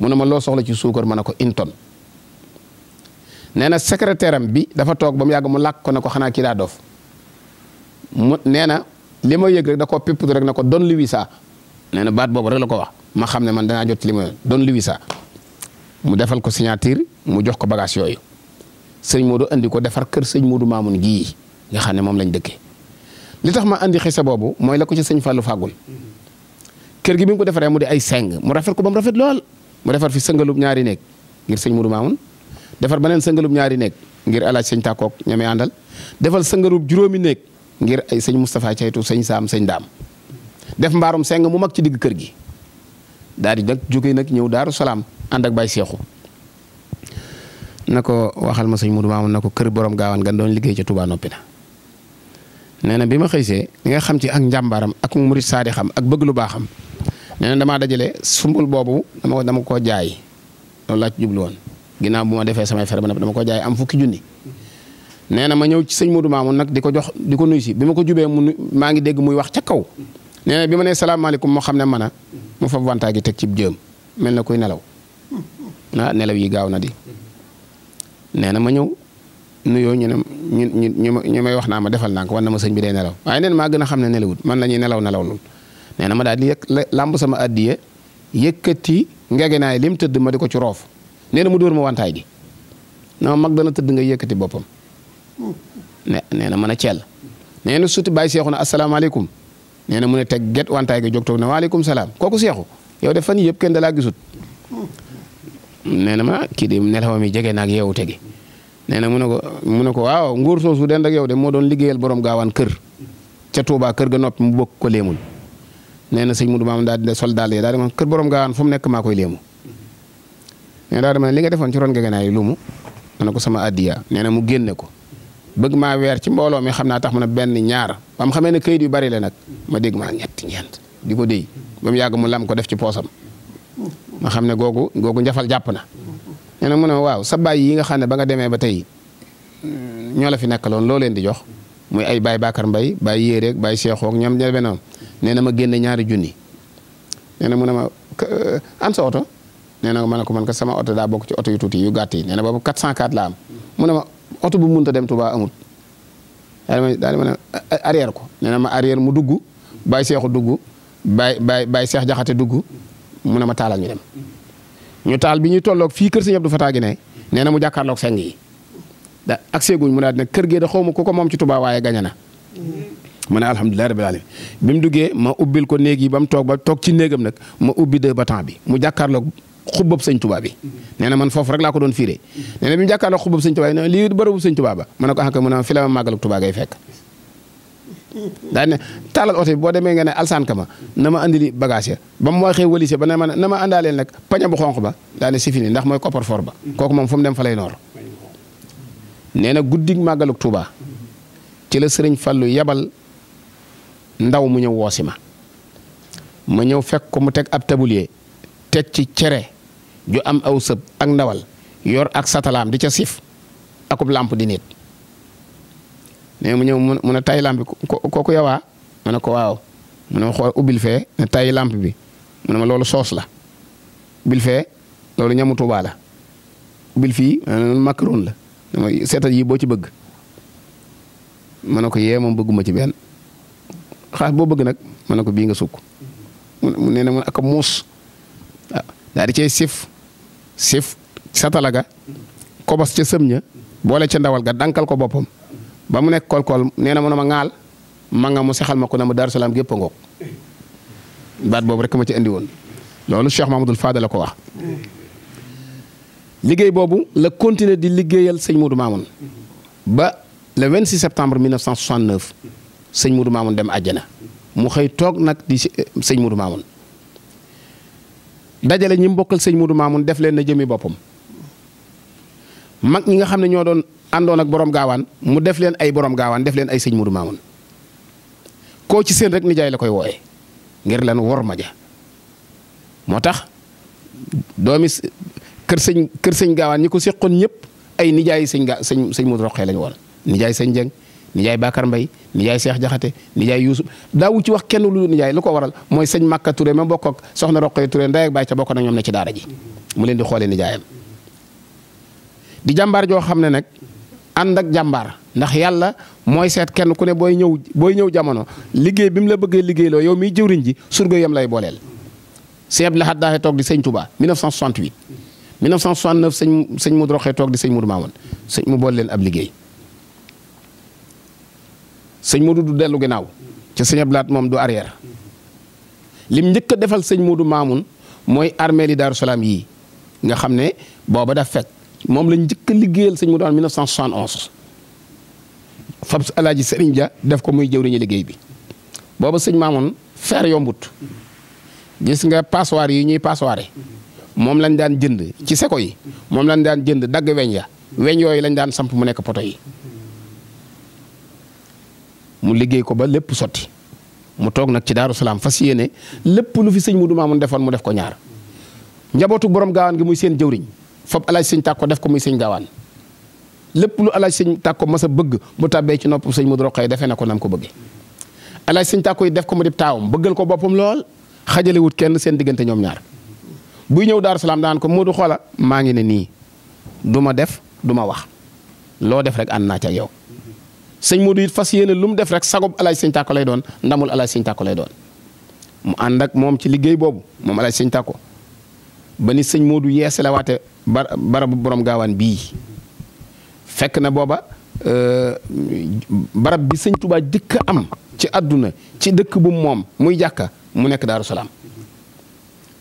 mu ne ma loo soxla ci suukar ma ne ko une tonne nee na secrétaire bi dafa toog ba mu yàgg mu làkk ko ne ko xanaa kii daa dof mu li ma yëg rek da koo pépputu rek na ko Don Luisa nee na baat boobu rek la ko wax ma xam ne man danaa jot ci li ma Don Luisa mu defal ko signature mu jox ko bagage yooyu sëñ Modou indi ko defar kër sëñ Modou Mamoun gii nga xam ne moom lañ dëkkee li tax ma andi xisa boobu mooy la ko ci sëñ Fallou fàggul kër gi bi mu ko defaree mu di ay seng mu rafet ko ba mu rafet lool mu defar fi sëngalub ñaari néeg ngir sëñ Modou Mamoun defar beneen sëngalub ñaari néeg ngir alaaj sëñ Tàkkook ñamee àndal defal sëngalub juróomi néeg ngir ay sëñ Moustapha Caytu sëñ Saam sëñ Daam def mbaarum seng mu mag ci digg kër gi daal di nag jóge nag ñëw Daaru Salaam ànd ak Baye Seexu na ko waxal ma sëñ Mudu Maamun na ko kër borom gaawaan gan doon liggéey ca Touba noppi na. nee na bi ma xëysee li nga xam ci ak njàmbaaram ak murit saadi xam ak bëgg lu baaxam nee na damaa dajale sumbul boobu dama dama koo jaay loolu laa ci ginnaaw bu ma defee samay fere ba dama ko jaay am fukki junni. nee na ma ñëw ci sëñ Modou Mamoun nag di ko jox di ko nuyu si bi ma ko jubee mu maa ngi dégg muy wax ca kaw bi ma nee salaamaaleykum moo xam ne man a mu fab wantaa gi teg ci jëm mel na kuy nelaw ah nelaw yi gaaw na di nee na ma ñëw nuyoo ñu ne ñu ñu may wax naa ma defal naa wan na ma sëñ bi day waaye neen maa gën a xam ne nelawut man la ñuy nelaw nelaw nee na ma daal di yëkk làmb sama addiye yëkkati ngegenaay lim tëdd ma di ko ci roof nee na mu dóor ma wantaay gi na ma mag dana tëdd nga yëkkati boppam ne nee na mën a ceel nee na suti bàyyi seexu na asalaamaaleykum nee na mu ne teg get wantaay gi jóg toog ne waaleykum salaam kooku seexu yow de fan yii yëpp kenn da laa gisut nee na ma kii di nelawam yi jege naag yeewu tegi nee na mu ne ko mu ne ko waaw nguur soosu den ak yow de moo doon liggéeyal borom gaawaan kër ca Touba kër ga noppi mu bokk ko léemul nee na sëñ Mudu Maam daal di sol daal di daal di ma kër mu nekk maa koy léemu nee na li nga defoon ci ron gegenaay lu mu ma ne ko sama addiya nee na mu génne ko bëgg maa weer ci mbooloo mi xam naa tax mu a benn ñaar ba mu xamee ne këyit yu bari la nag ma dégg maa ñetti ñeent di ko déy ba mu yàgg mu lam ko def ci poosam ma xam ne googu googu njafal jàpp na. nee na mu ne waaw sa baay yi nga xam ne ba nga demee ba tey mm, ñoo la fi nekkaloon loo leen di jox muy ay baay Bakar Mbay baay Yéere ak baay Seexoo ak ñoom ñebe nee na ma génne ñaari junni nee na mu ne ma an eh, sa oto nee na ma ko man ka sama oto daa bokk ci oto yu tuuti yu gàtt yi nee na boobu 404 la am mu ne ma oto bu mu mënta dem tubaa amut daal di ma ne arrière ko nee ma arrière mu dugg bàyyi seexu dugg bàyyi bàyyi bàyyi seex jaxate dugg mu ne ma taalal ñu dem. ñu taal bi ñuy tolloog fii kër Sëñ Abdou Fatah gi ne nee na mu jàkkaarloog seng yi da ak seeguñ mu ne kër gee da xaw ma ku ko moom ci tubaa waaye gañe na. mu ne alhamdulilah rabbil alamin bi mu duggee ma ubbil ko néeg yi ba mu toog ba toog ci néegam nag ma ubbi deux battant bi mu jàkkaarloog. xubbab sëñ Tuubaa bi nee na man foofu rek laa ko doon fiire nee na bi mu jàkkaarloo xubbab sëñ Tuubaa bi ne lii bërëbu sëñ Tuubaa ba ma ne ko ah kay mu ne fi bi boo demee nga ne alsaan kama na ma andili bagage ba mu waxee walise ba ne ma na ma àndaaleel nag paña bu xonq ba daa ne si fini ndax mooy coffre-fort ba kooku moom fu mu dem fa noor nee na guddig màggalu Tuubaa ci la sëriñ Fallu yabal ndaw mu ñëw woosi ma ma ñëw fekk ko mu teg ab tabulier teg ci cere ju am aw sëb ak ndawal yor ak satalaam di ca sif akub làmp di nit ne mu ñëw mu ne tay làmp bi kooku yowaa ah? ma ne ko waaw mu ne ma xool ubbil fee ne tay làmp bi mu ne ma loolu soos la ubbil fee loolu ñamu Tuubaa la ubbil fii macaron la seetal yi boo ci bëgg ma ne ko yee moom bëgguma ci benn xaas boo bëgg nag ma ne ko bii nga sukk mu ne mun ak a muus waaw ah, di cay sif sif satala ga kobos ca sëm ña boole ca ndawal ga dankal ko boppam ba mu nekk kol nee na mu ne ma ŋaal ma nga mu sexal ma ko na ma Daaru Salaam gépp a ngoog baat boobu rek ma ci andi woon loolu Cheikh Mahmadul Fadal la ko wax. liggéey boobu la continuer di liggéeyal sëñ Moudou Mamoun ba le 26 septembre 1969 sëñ Moudou Mamoun dem àjjana mu xëy toog nag di eh, sëñ Moudou Mamoun. dajale ñi mbokkal sëñ Modou Mamoun def leen na jëmi boppam mag ñi nga xam ne ñoo doon àndoon ak borom gaawaan mu def leen ay borom gaawaan def leen ay sëñ Modou koo ci seen rek nijaay la koy wooye ngir leen wor ma moo tax doomi kër sëñ kër sëñ gaawaan ñi ko seqoon ñëpp ay nijaayi sëñ ga sëñ sëñ Modou lañu woon nijaay sëñ Jeng nijaay Bakar Mbay nijaay Cheikh Jaxate nijaay Youssouf daawu ci wax kenn lu nijaay lu ko waral mooy sëñ Makka Touré ma bokk ak soxna Roqoy Touré ndey ak baay ca bokk na ñoom ne ci daara ji mu leen di xoolee nijaayam di jàmbaar joo xam ne nag ànd ak jàmbaar ndax yàlla mooy seet kenn ku ne booy ñëw booy ñëw jamono liggéey bi mu la bëggee loo yow miy jëwriñ ji surga yam lay booleel. sëñ Abdou Lahad Daxe toog di sëñ Touba 1968 1969 sëñ sëñ Modou Roxee toog di sëñ Modou Mamoun sëñ mu boole leen ab liggéey. sëñ Modou du dellu ginnaaw ci sëñ moom du arrière lim njëkk defal sëñ Modou Mamoun mooy armée li Daaru Salaam yii nga xam ne booba daf fekk moom lañ njëkk liggéeyal sëñ Modou en 1971 Fabs Alaaji Sëriñ ja def ko muy jëw jëwriñu liggéey bi booba sëñ Mamoun fer yombut gis nga passoire yi ñuy passoire moom lañ daan jënd ci seko yi moom lañ daan jënd dagg weñ ya weñ yooyu lañ daan samp mu nekk poto yi. mu liggéey ko ba lépp sotti mu toog nag ci daaru salaam fas yéene lépp lu fi sëñ Mudu Maamun defoon mu def ko ñaar njabootu boroom gaawaan gi muy seen jëwriñ foofu alaaj sëñ tàkko def ko muy sëñ gaawaan lépp lu alaaj sëñ tàkko mas a bëgg bu tàbbee ci nopp sëñ Mudu Roqaya defee na ko nam ko bëggee alaaj sëñ tàkko yi def ko mu di taawam bëggal ko boppam lool xajale kenn seen diggante ñoom ñaar buy ñëw daaru salaam daan ko Mudu xoola maa ngi ne nii du ma def du ma wax loo def rek ànd naa ci yow sëñ Modou it fas yéene lu mu def rek sagob alaaj sëñ Tàkko lay doon ndamul alaaj sëñ Tàkko lay doon mu ànd ak moom ci liggéey boobu moom alaaj sëñ Tàkko ba ni sëñ Modou yeese la waate barabu boroom gaawaan bii fekk na booba euh, barab bi sëñ Touba jëkk am ci àdduna ci dëkk bu moom muy jàkka mu nekk Daaru Salaam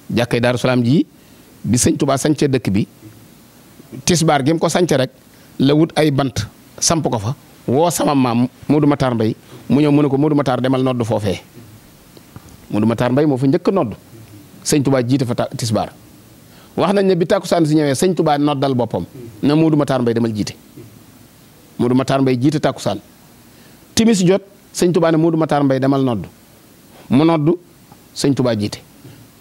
jàkkay Daaru Salaam ji bi sëñ Touba sañce dëkk bi tisbaar gi mu ko sañce rek la wut ay bant samp ko fa woo sama maam Modou Matar mbay mu ñëw mu ne ko Modou Matar demal nodd foofee Modou Matar mbay moo fa njëkk nodd sëñ Touba jiite fa tisbaar wax nañ ne bi tàkkusaan si ñëwee sëñ Touba noddal boppam na Modou Matar Mbaye demal jiite Modou Matar Mbaye jiite tàkkusaan timis jot sëñ Touba ne Modou Matar mbay demal nodd mu nodd sëñ tubaa jiite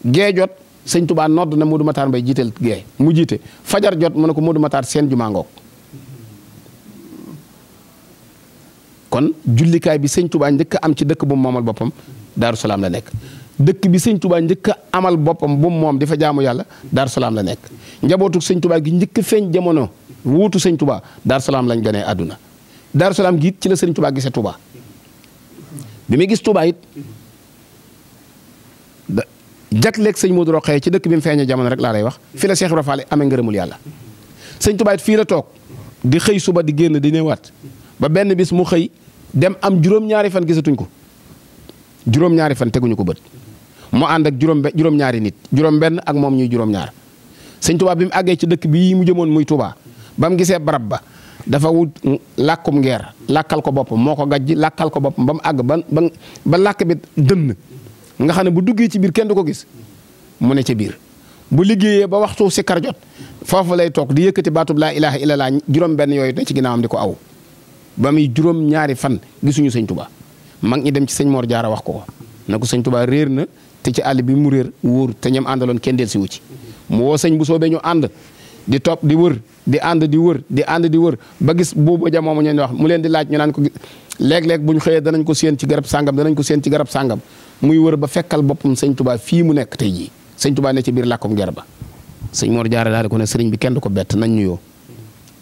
gee jot sëñ Touba nodd na Modou Matar Mbaye jiiteel gee mu jiite fajar jot mu ne ko Modou Matar seen jumaa ngoog kon jullikaay bi sëñ Touba njëkk am ci dëkk bu moomal boppam Daaru Salaam la nekk dëkk bi sëñ Touba njëkk amal boppam bu mu moom di fa jaamu yàlla Daaru Salaam la nekk njabootu sëñ Touba gi njëkk feeñ jamono wuutu sëñ Touba Daaru Salaam lañ gënee àdduna Daaru Salaam gi ci la sëñ Touba gisee Touba bi muy gis Touba it jagleeg sëñ Modou Rokhaya ci dëkk bi mu feeñee jamono rek laa lay wax fi la Cheikh Ibra Fall amee ngërëmul yàlla sëñ Touba it fii la toog di xëy suba di génn di néewaat dem am juróom-ñaari fan gisatuñ ko juróom-ñaari fan teguñu ko bët mu ànd ak juróom juróom-ñaari nit juróom-benn ak moom ñuy juróom-ñaar sëñ Tuubaa bi mu àggee ci dëkk bii mu jëmoon muy Tuubaa ba mu gisee barab ba dafa wut làkkum ngeer làkkal ko boppam moo ko gajj làkkal ko boppam ba mu àgg ba ba ba làkk bi dënn nga xam ne bu duggee ci biir kenn du ko gis mu ne ca biir bu liggéeyee ba waxtu si kar jot foofu lay toog di yëkkati baatub laa ilaaha illallah juróom-benn yooyu ne ci ginnaawam di ko aw. ba muy juróom ñaari fan gisuñu sëñ Touba mag ñi dem ci sëñ Mor Jaara wax ko ko na ko sëñ Touba réer na te ci àll bi mu réer wóor te ñam àndaloon kenn del si wu ci mu woo sëñ bu soobee ñu ànd di topp di wër di ànd di wër di ànd di wër ba gis boobu ja moomu ñu wax mu leen di laaj ñu naan ko léeg-léeg bu ñu xëyee danañ ko séen ci garab sàngam danañ ko séen ci garab sàngam muy wër ba fekkal boppam sëñ Touba fii mu nekk tey jii sëñ Touba ne ci biir làkkum ger ba sëñ Mor Jaara daal di ko ne bi kenn du ko bett nañ nuyoo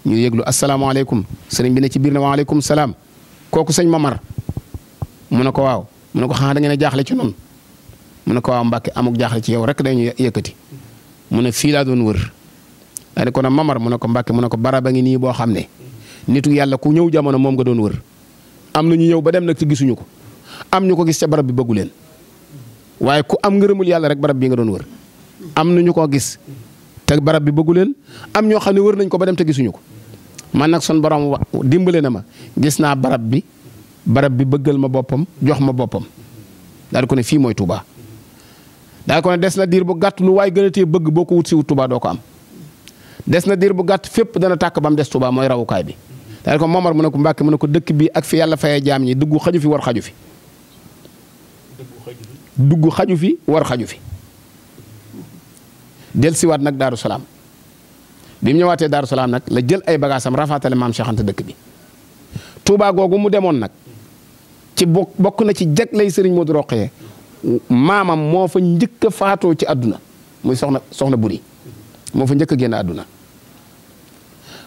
ñu yëglu asalaamaaleykum sëriñ bi ne ci biir ne waaleykum salaam kooku sëñ Mamar mu ne ko waaw mu ne ko xanaa da ngeen a jaaxle ci noonu mun ne ko waaw Mbàkke amuk jaaxle ci yow rek dañu yëkkati mun ne fii laa doon wër ko ne Mamar mu ne ko Mbàkke mu ne ko baraba ngi nii boo xam ne nitu yàlla ku ñëw jamono moom nga doon wër am na ñu ñëw ba dem nag ci gisuñu ko am ñu ko gis ca barab bi bëggu leen waaye ku am ngërëmul yàlla rek barab bii nga doon wër am nañu ñu ko gis te barab bi bëggu leen am ñoo xam ne wër nañ ko ba dem te gisuñu ko man nag sun borom dimbale na ma gis naa barab bi barab bi bëggal ma boppam jox ma boppam daal ko ne fii mooy Touba daal ko des na diir bu gàtt lu waay gën bëgg boo ko wut si wut Touba doo ko am des na diir bu gàtt fépp dana tàkk ba mu des Touba mooy rawukaay bi daal ko Momar mu ne ko Mbàkke mu ne ko dëkk bi ak fi yàlla faye jaam ñi dugg xaju fi war xaju fi dugg xaju fi war xaju fi siwaat nag Daaru Salaam bi mu ñëwaatee Daaru Salaam nag la jël ay bagaasam rafaatale maam Cheikh Anta dëkk bi Touba googu mu demoon nag ci bokk bokk na ci moo Serigne Modou Rokhaya maamam moo fa njëkk a faatoo ci àdduna muy soxna soxna Buri moo fa njëkk a génn àdduna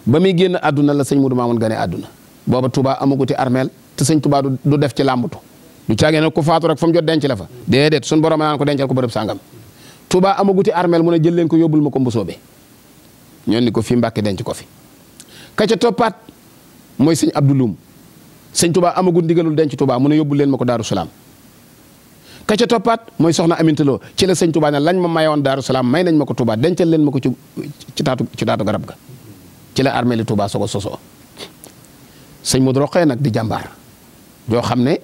ba muy génn àdduna la sëñ Modou Mamoun gane àdduna booba Touba amaguti armeel te sëñ Touba du def ci làmbatu du caagee nag ku faatu rek fa jot denc la fa déedéet suñu borom naan ko dencal ko bërëb sàngam Touba amaguti armeel mu jël leen ko yóbbul ma ko mbusoobe ñoo ni ko fii Mbàkke denc ko fi ka toppaat mooy sëñ Abdou Loum sëñ Touba amagul ndigalul denc Touba mun a yóbbu leen ma ko Daaru Salaam ka ca toppaat mooy soxna Aminta Lo ci la sëñ Touba ne lañ ma mayoon Daaru Salaam may nañ ma ko Touba dencal leen ma ko ci ci taatu ci taatu garab ga ci la armée li Touba sogo sosoo sëñ Modou Rokhaya nag di jàmbaar yoo xam ne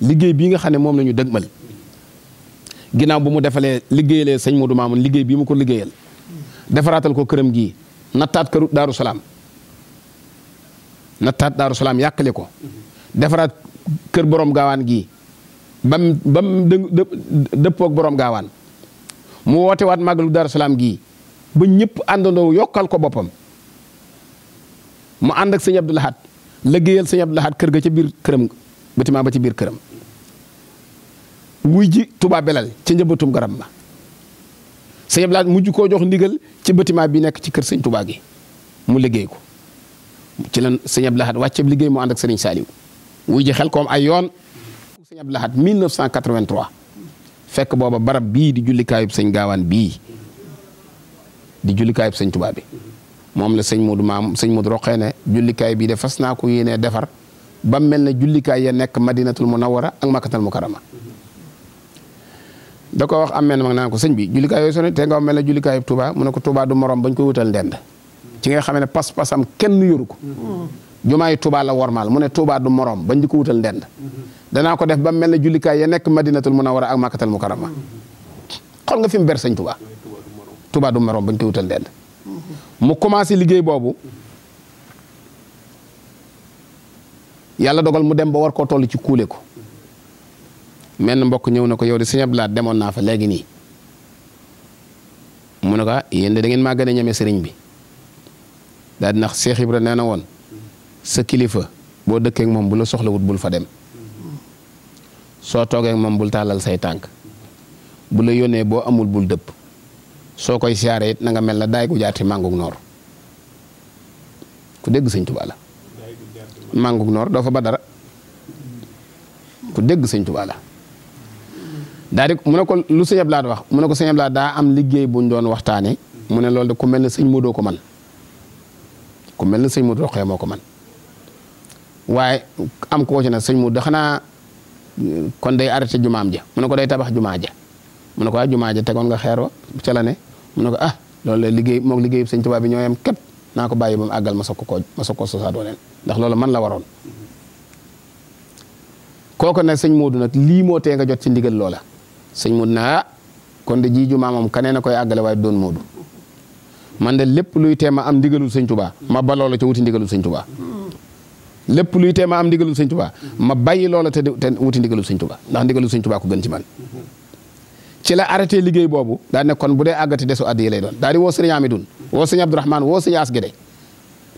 liggéey bii nga xam ne moom la ñu dëgmal ginnaaw bu mu defalee liggéeyalee sëñ Modou liggéey bii mu ko liggéeyal defaraatal ko këram gii nattaat kër daaru salaam nattaat daaru salaam ko defaraat kër borom gaawaan gii bam bam dëppoog borom gaawaan mu woote waat màggalu daaru salaam gii ba ñëpp àndandoo yokkal ko boppam mu ànd ak sëñ Abdou Lahad liggéeyal sëñ Abdou Lahad kër ga ca biir këram bâtiment ba ci biir këram wuy ji Touba Belal ca njëbatum garab ma sëñ Abdoulaye mujj koo jox ndigal ci bâtiment bi nekk ci kër sëñ Touba gi mu liggéey ko ci lan sëñ Abdoulaye wàcceeb liggéey mu ànd ak sëriñ Saliou wuy ji xel koom ay yoon sëñ Abdoulaye 1983 fekk booba barab bii di jullikaayub sëñ gaawaan bii di jullikaayub sëñ Touba bi moom la sëñ Modou maam sëñ Modou roqee ne jullikaay bii de fas naa ko yéenee defar ba mel ne jullikaay ya nekk madinatul munawara ak makkatal mukarama da ko wax am mel mag naa ko sëñ bi jullikaay yooyu sone te nga mel ne jullikaayu Touba mu ne ko Touba du morom bañ ko wutal ndend ci nga xam ne kenn yoru ko jumaay Touba la wormaal mu ne Touba du morom bañ di ko wutal ndend danaa ko def ba mel ne jullikaay ya nekk madinatul war ak makkatal mukarrama xool nga fi mu ber sëñ Touba Touba du morom bañ ko wutal ndend mu commencé liggéey boobu yàlla dogal mu dem ba war koo tollu ci kuule ko menn mbokk ñëw na ko yow di demoon naa fa léegi nii mu ne ah, yéen de da ngeen maa gën bi daal nax Cheikh Ibra nee na woon sa kilifa boo dëkkee moom bu la soxlawut bul fa dem soo toogee moom bul tàllal say tànk bu la yónnee boo amul bul dëpp soo koy siyaaree it mel na daay gu jaati noor ku dégg sëñ Tuubaa la noor doo fa ba dara ku dégg sëñ Tuubaa daa di mu ne ko lu sëñ Ablaat wax mu ne ko sëñ Ablaat daa am liggéey bu ñu doon waxtaanee mu ne loolu de ku mel ne sëñ Modou ko man ku mel ne sëñ Modou Rokhaya ko man waaye am ko ci nag sëñ Modou xanaa kon day arrêté jumaam ja mu ne ko day tabax jumaa ja mu ne ko ah jumaa ja tegoon nga xeer la ne mu ah loolu la liggéey moog liggéey sëñ Tuubaa bi ñoo yem képp naa ko bàyyi ba mu àggal ma soog ko ma soog ko sosaat leen ndax loolu man la waroon kooku nag sëñ Modou nag lii moo tee nga jot ci ndigal loola. sëñ Modou naa ah, kon de jiiju maa moom kanee na koy àggale waaye doon Modou man de lépp luy tee ma am ndigalul sëñ Touba ma ba loola ca wuti ndigalul sëñ Touba lépp luy tee ma am ndigalul sëñ Touba ma bàyyi loola te te wuti ndigalul sëñ Touba ndax ndigalul sëñ Touba ko gën ci man ci la arrêté liggéey boobu daa ne kon bu dee àggati desu addi yi lay doon daa di woo sëñ Amidun woo sëñ Abdourahman woo sëñ As Gede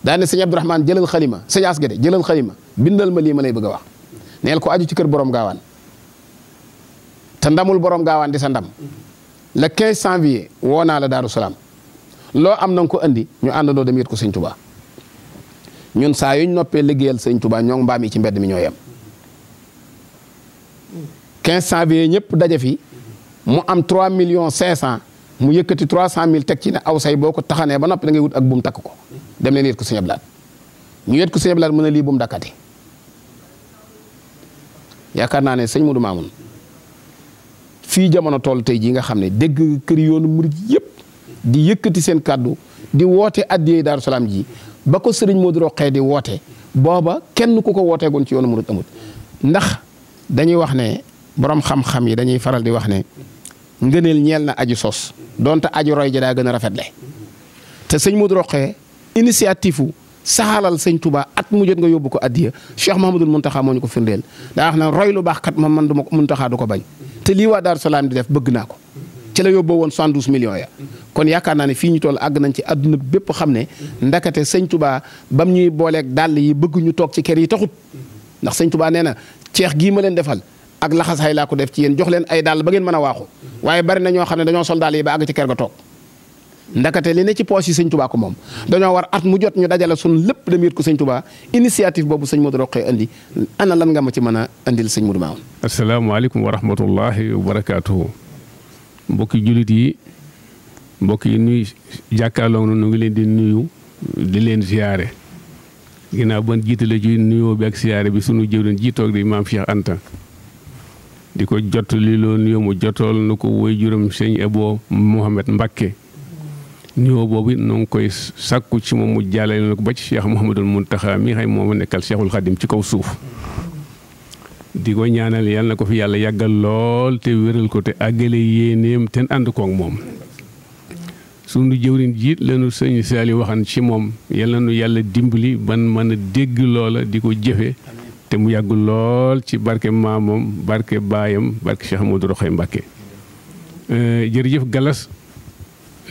daa ne sëñ Abdourahman jëlal xalima sëñ As Gede jëlal xalima bindal ma lii ma lay bëgg wax neel ko aju ci kër borom gaawaan te ndamul borom gaawaan di sa ndam le 15 woo naa la Daaru Salaam loo am na ko andi ñu àndandoo dem yët ko sëñ Tuubaa ñun saa yuñ noppee liggéeyal sëñ Tuubaa ñoo mbaam yi ci mbedd mi ñoo yem 15 janvier ñëpp daje fi mu am 3 millions 500 mu yëkkati 300 mille teg ci ne aw say boo ko taxanee ba noppi da ngay wut ak buum takk ko dem leen yët ko sëñ ñu yët ko sëñ Ablaat mu lii buum dakkati yaakaar naa ne sëñ Mudu Maamun fii jamono tool tey jii nga xam ne dégg kër yoonu murit yëpp di yëkkati seen kàddu di woote addiyee Daaru Salaam ji ba ko sëriñ Modou Rokhaya di woote booba kenn ku ko wooteegoon ci yoonu murit amut ndax dañuy wax ne borom xam-xam yi dañuy faral di wax ne ngëneel ñeel na aju sos donte aju roy ja daa gën a rafet le te sëñ Modou Rokhaya initiative u saxalal sëñ Touba at mu jot nga yóbbu ko addiya Cheikh mun Muntaxa moo ñu ko firndeel daa na roy lu baax kat moom man du ma Muntaxa du ko bañ te lii waa Daaru Salaam di def bëgg naa ko ci la yóbboo woon 112 millions ya kon yaakaar naa ne fii ñu toll àgg nañ ci àdduna bépp xam ne ndakate sëñ tubaa bam ñuy booleeg dàll yi bëgg ñu toog ci kër yi taxut ndax sëñ Touba nee na ceex gii ma leen defal ak laxas xay laa ko def ci yéen jox leen ay dàll ba ngeen mën a waaxu waaye bari na ñoo xam ne dañoo sol dàll yi ba àgg ci kër ga toog ndakate li ne ci poche yi sëñ tubaa ko moom dañoo war at mu jot ñu dajale sun lépp dem yët ko sëñ tubaa initiative boobu sëñ Modou Rokhaya indi ana lan nga ma ci mën a indil sëñ Modou Mamoune asalaamaaleykum wa rahmatullahi wa barakaatuhu mbokki jullit yi mbokk yi nuy jàkkaarloo nu ngi leen di nuyu di leen siyaare ginnaaw ban jiitale ci nuyoo bi ak siyaare bi sunu jëwriñ ji toog di maam Cheikh Anta di ko jot li loo nuyoo mu jotool nu ko woy juróom sëñ Ebo Mohamed nuyoo boobu it noo ngi koy sàkku ci moom mu jàllale na ko ba ci Cheikh Mouhamadul Mountakha mi xam moom a nekkal Cheikhul Khadim ci kaw suuf di ko ñaanal yàlla na ko fi yàlla yàggal lool te wéral ko te àggale yéeneem te ànd koog moom. sunu jëwriñ jiit lañu sëñ Saali waxan ci moom yàlla nu yàlla dimbali ban mën a dégg loola di ko jëfe te mu yàgg lool ci barke maamam barke baayam barke Cheikh Modou Roxay Mbàkke euh, jërëjëf Galas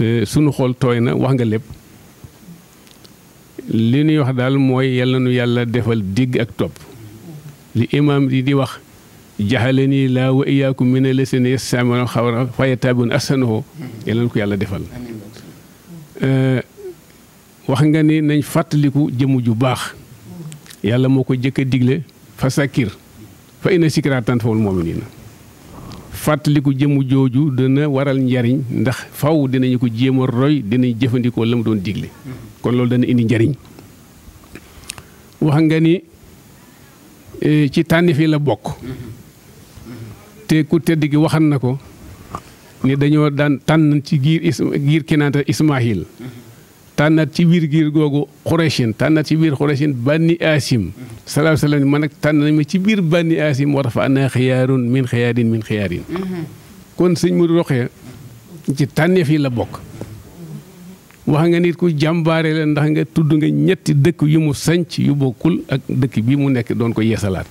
Euh, sunu xool tooy na wax nga lépp li ñuy wax daal mooy yàlla nu yàlla defal digg ak topp li imaam yi di wax jaxale nii laa wa iyaakum mina lasina yastami'una xawra fa yattabi'una ahsanahu yàlla nu ko yàlla defal euh, wax nga ni nañ fàttaliku jëmm ju baax yàlla moo ko jëkk a digle fa sakkir fa inna sikraa tanfa'ul na fàttaliku jëmu jooju dana waral njariñ ndax faw dinañu ko jéem roy dinañ jëfandikoo la mu doon digle kon loolu dana indi njariñ wax nga ni e, ci tànnif fii la bokk te ku tedd gi waxan na ko ni dañoo daan tànn ci giir giir kinaanta Ismaahil tànnaat ci biir giir googu xureeshin tànnaat ci biir xureeshin bànni aasim mm-hmm. salaahu salaam man nag tànn nañ ma ci biir bànni aasim war fa ana xiyaarun min xiyaarin min xiyaarin mm-hmm. kon sëñ mu roxee ci tànneef yi la bokk mm-hmm. wax nga nit ku jàmbaare la ndax nga tudd nga ñetti dëkk yu mu sanc yu bokkul ak dëkk bi mu nekk doon ko yeesalaat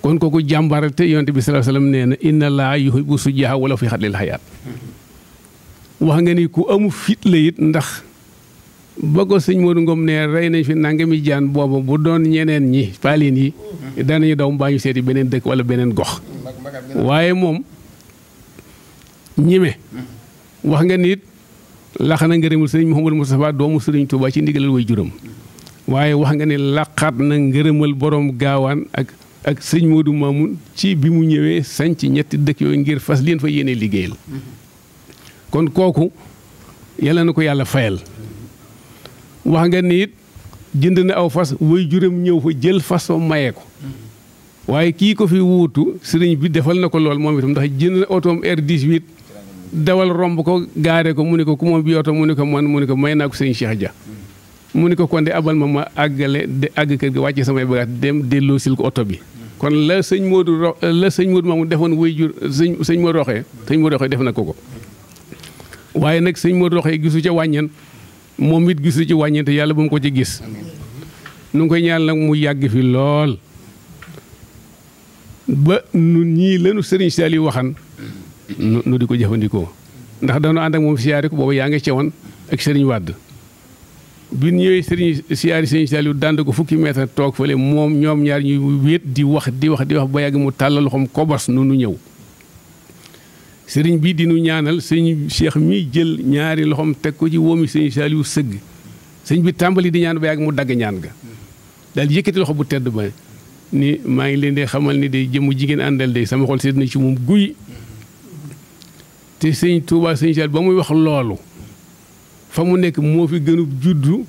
kon kooku jàmbaare te yonte bi salaahu salaam nee na inna laa yuhibbu sujjaaha wala fi xatlil xayaat wax nga ni ku amu fit la it ndax ba ko sëñ Modou Ngom ne rey nañ fi nangami jaan booba bu doon ñeneen ñi paalin yi danañu daw mbaa ñu seeti beneen dëkk wala beneen gox waaye moom ñime wax nga nit lax na ngërëmul sëriñ Mouhamadou Moustapha doomu sëriñ Touba ci ndigalal way juróom waaye wax nga ni laqaat na ngërëmal borom gaawaan ak ak sëñ Modou Mamoun ci bi mu ñëwee sanc ñetti dëkk yooyu ngir fas leen fa yéene liggéeyal kon kooku yàlla na ko yàlla fayal wax nga ni it jënd na aw fas way juram ñëw fa jël fas maye ko waaye kii ko fi wuutu sëriñ bi defal na ko lool moom itam ndax jënd na otoom R18 dawal romb ko gaare ko mu ne ko ku moom bi oto mu ne ko man mu ne ko may naa ko sëriñ Cheikh Dia mu ne ko kon de abal ma ma àggale de àgg kër gi wàcce samay bagaas dem delloo sil ko oto bi kon la sëñ Modou la sëñ Modou moomu defoon way sëñ sëñ Modou roxee sëñ Modou def na ko ko waaye nag sëñ Modou Rokhaya gisu ca wàññeen moom it gisu ci wàññeen te yàlla bu mu ko ci gis nu ngi koy ñaan nag mu yàgg fi lool ba nu ñii lanu sëriñ Saliou waxan nu di ko jëfandikoo ndax dañoo ànd ak moom siyaari ko boobu yaa ngi cewoon ak sëriñ Wàdd bi ñëwee sëriñ siyaari sëriñ Saliou dànd ko fukki mètre toog fële moom ñoom ñaar ñuy wéet di wax di wax di wax ba yàgg mu tàllal loxoom kobos nu nu ñëw sëriñ bi dinu ñaanal sëñ seex mi jël ñaari loxoom teg ko ci woomi sëñ Saliou sëgg sëñ bi tàmbali di ñaan ba yàgg mu dagg ñaan ga daal yëkkati loxo bu tedd ba ni maa ngi leen di xamal ni day jëmu jigéen àndal day sama xol seet na ci moom guy te sëñ Touba sëñ Saliou ba muy wax loolu fa mu nekk moo fi gënub juddu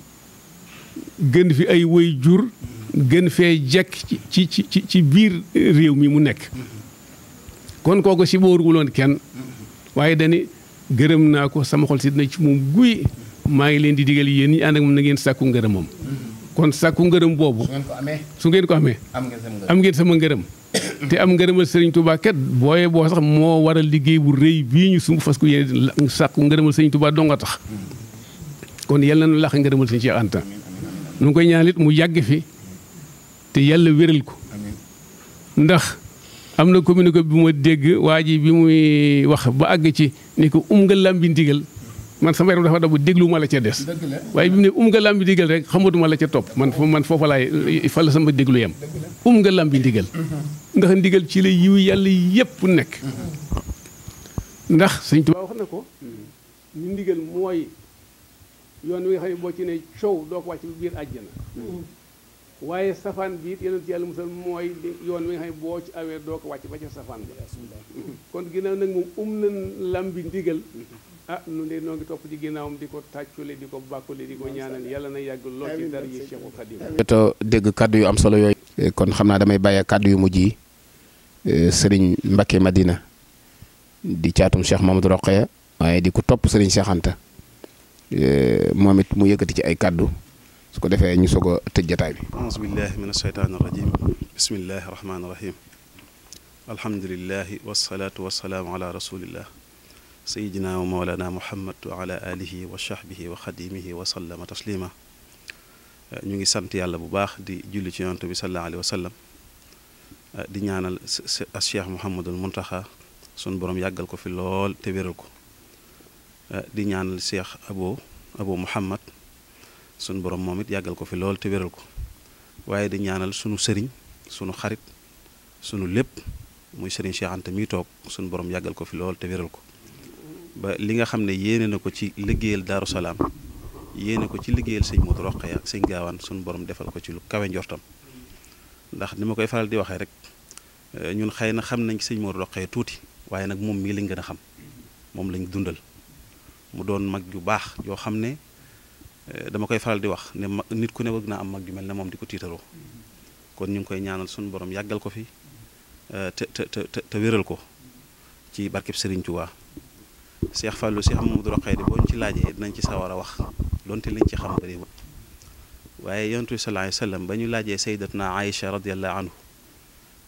gën fi ay way jur gën fee jekk ci ci ci ci biir réew mi mu nekk kon kooku si booruwuloon kenn waaye dani gërëm naa ko sama xol si dina ci moom guy maa ngi leen di digal yéen ñi ànd ak moom na ngeen sàkku ngërëm moom kon sàkku ngërëm boobu su ngeen ko amee am ngeen sama ngërëm te am ngërëmal sëriñ Touba kat booye boo sax moo waral liggéey bu rëy bii ñu sumb fas ku yéen sàkku ngërëmal sëriñ Touba donga tax kon yàlla na lax ngërëmal sëriñ Cheikh Anta nu ngi koy ñaan it mu yàgg fi te yàlla wéral ko ndax am na communiqué bi ma dégg waa ji bi muy wax ba àgg ci ni ko um nga lambi ndigal man sama yaram dafa daw bu ma la ca des waaye bi mu ne um nga lambi ndigal rek xamatuma la ca topp man man foofa laay sama déglu yem um nga lambi ndigal mm-hmm. ndax ndigal ci la yiw yàlla yépp nekk mm-hmm. ndax sëñ Tuubaa wax na ko ñu mm-hmm. ndigal mooy yoon wi nga xam ne boo ci ne coow doo ko wàcc bu biir àjjana waaye safaan bii it yonent yàlla musal mooy yoon wi nga xam boo ci awee doo ko wàcc ba ca safaan bi kon ginnaaw nag moom um na lam bi ndigal ah nu de noo topp ci ginnaawam di ko tàccule di ko bàkkule di ko ñaanal yàlla na yàgg lool ci dara yi Cheikhul Khadim jotoo dégg kaddu yu am solo yooyu eh, kon xam naa damay bàyyee kàddu yu mujj yi eh, sëriñ Mbakke Madina di caatum Cheikh Mamadou Roqaya waaye di ko topp sëriñ Cheikh Anta eh, moom it mu yëkkati ci ay kàddu su ko defee ñu soog a tëj jataay bi auzu billahi min asheytaani irajim bismillahi rahmaani rahim alhamdulilahi wasalaatu wasalaamu ala rasulillah sayidina wa mawlana muhammad wa ala alihi wa sahbihi wa xadimihi wa sallama taslima ñu ngi sant yàlla bu baax di julli ci yonent bi sallallahu alayhi wa sallam di ñaanal a cheikh Mouhamadul Muntaxa sunu borom yàggal ko fi lool te wéral ko di ñaanal cheikh abo abo Mouhamad sunu borom moom it yàggal ko fi lool te wéral ko waaye di ñaanal suñu sëriñ suñu xarit suñu lépp muy sëriñ Cheikh Anta mi toog sunu borom yàggal ko fi lool te wéral ko ba li nga xam ne yéene na ko ci liggéeyal Daaru Salaam yéene ko ci liggéeyal sëñ Modou Rokhaya ak sëñ Gaawaan sunu borom defal ko ci lu kawe njortam ndax ni ma koy faral di waxee rek eh, ñun xëy na xam nañ ci sëñ Modou Rokhaya tuuti waaye nag moom mii lañ gën a xam moom lañ dundal mu doon mag ju baax yoo xam ne. Eh, dama koy faral di wax ne ma nit ku ne bëgg naa am mag ju mel ne moom di ko tiitaroo kon ñu ngi koy ñaanal suñu borom yàggal ko fi eh, te te te wéral ko ci barkeb Serigne Touba Cheikh Fallou Cheikh Mamadou Rokhaya di boo ñu ci laajee dinañ ci sawar a wax donte liñ ci xam bëri waaye yontu bi sallallahu alayhi ba ñu laajee sayyidatuna Aïcha radiyallahu anhu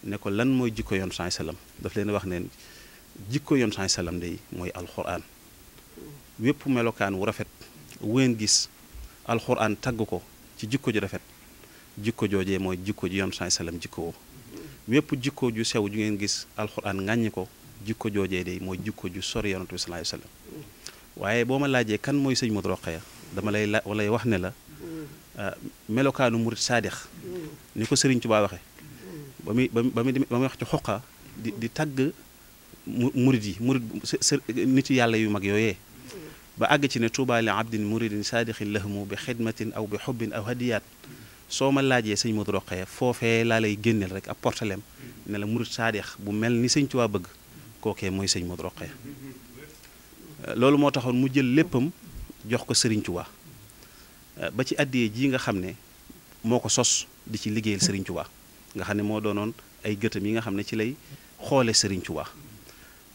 ne ko lan mooy jikko yontu sallallahu daf leen wax ne jikko yoon sallallahu alayhi wasallam mooy alxuraan wépp melokaan wu rafet ween gis alxuraan tagg ko ci jikko ju rafet jikko joojee mooy jikko ju yoon saa salaam jikkoo wépp jikko ju sew ju ngeen gis alxuraan ŋàññi ko jikko joojee de mooy jikko ju sori yonent bi sallallahu alayhi wasallam waaye boo ma laajee kan mooy sëñ Modou Rokhaya dama lay la wax ne la ah, melokaanu murit saadix ni ko Sëriñ Tuubaa ba muy ba muy ba muy wax ci xoqa di di tagg murit yi murit nit yàlla yu mag yooyee ba àgg ci ne tuubaa li abdin muridin saadixin lahmu bi xidmatin aw bi xubbin aw hadiyaat soo ma laajee sëñ Modou Rokhaya foofee laa lay génneel rek ab portalem ne la murid saadix bu mel ni sëñ Tuubaa bëgg kookee mooy sëñ Modou Rokhaya loolu moo taxoon mu jël léppam jox ko sëriñ Tuubaa ba ci àddiyee ji nga xam ne moo ko sos di ci liggéeyal sëriñ Tuubaa nga xam ne moo doonoon ay gëtam yi nga xam ne ci lay xoole sëriñ Tuubaa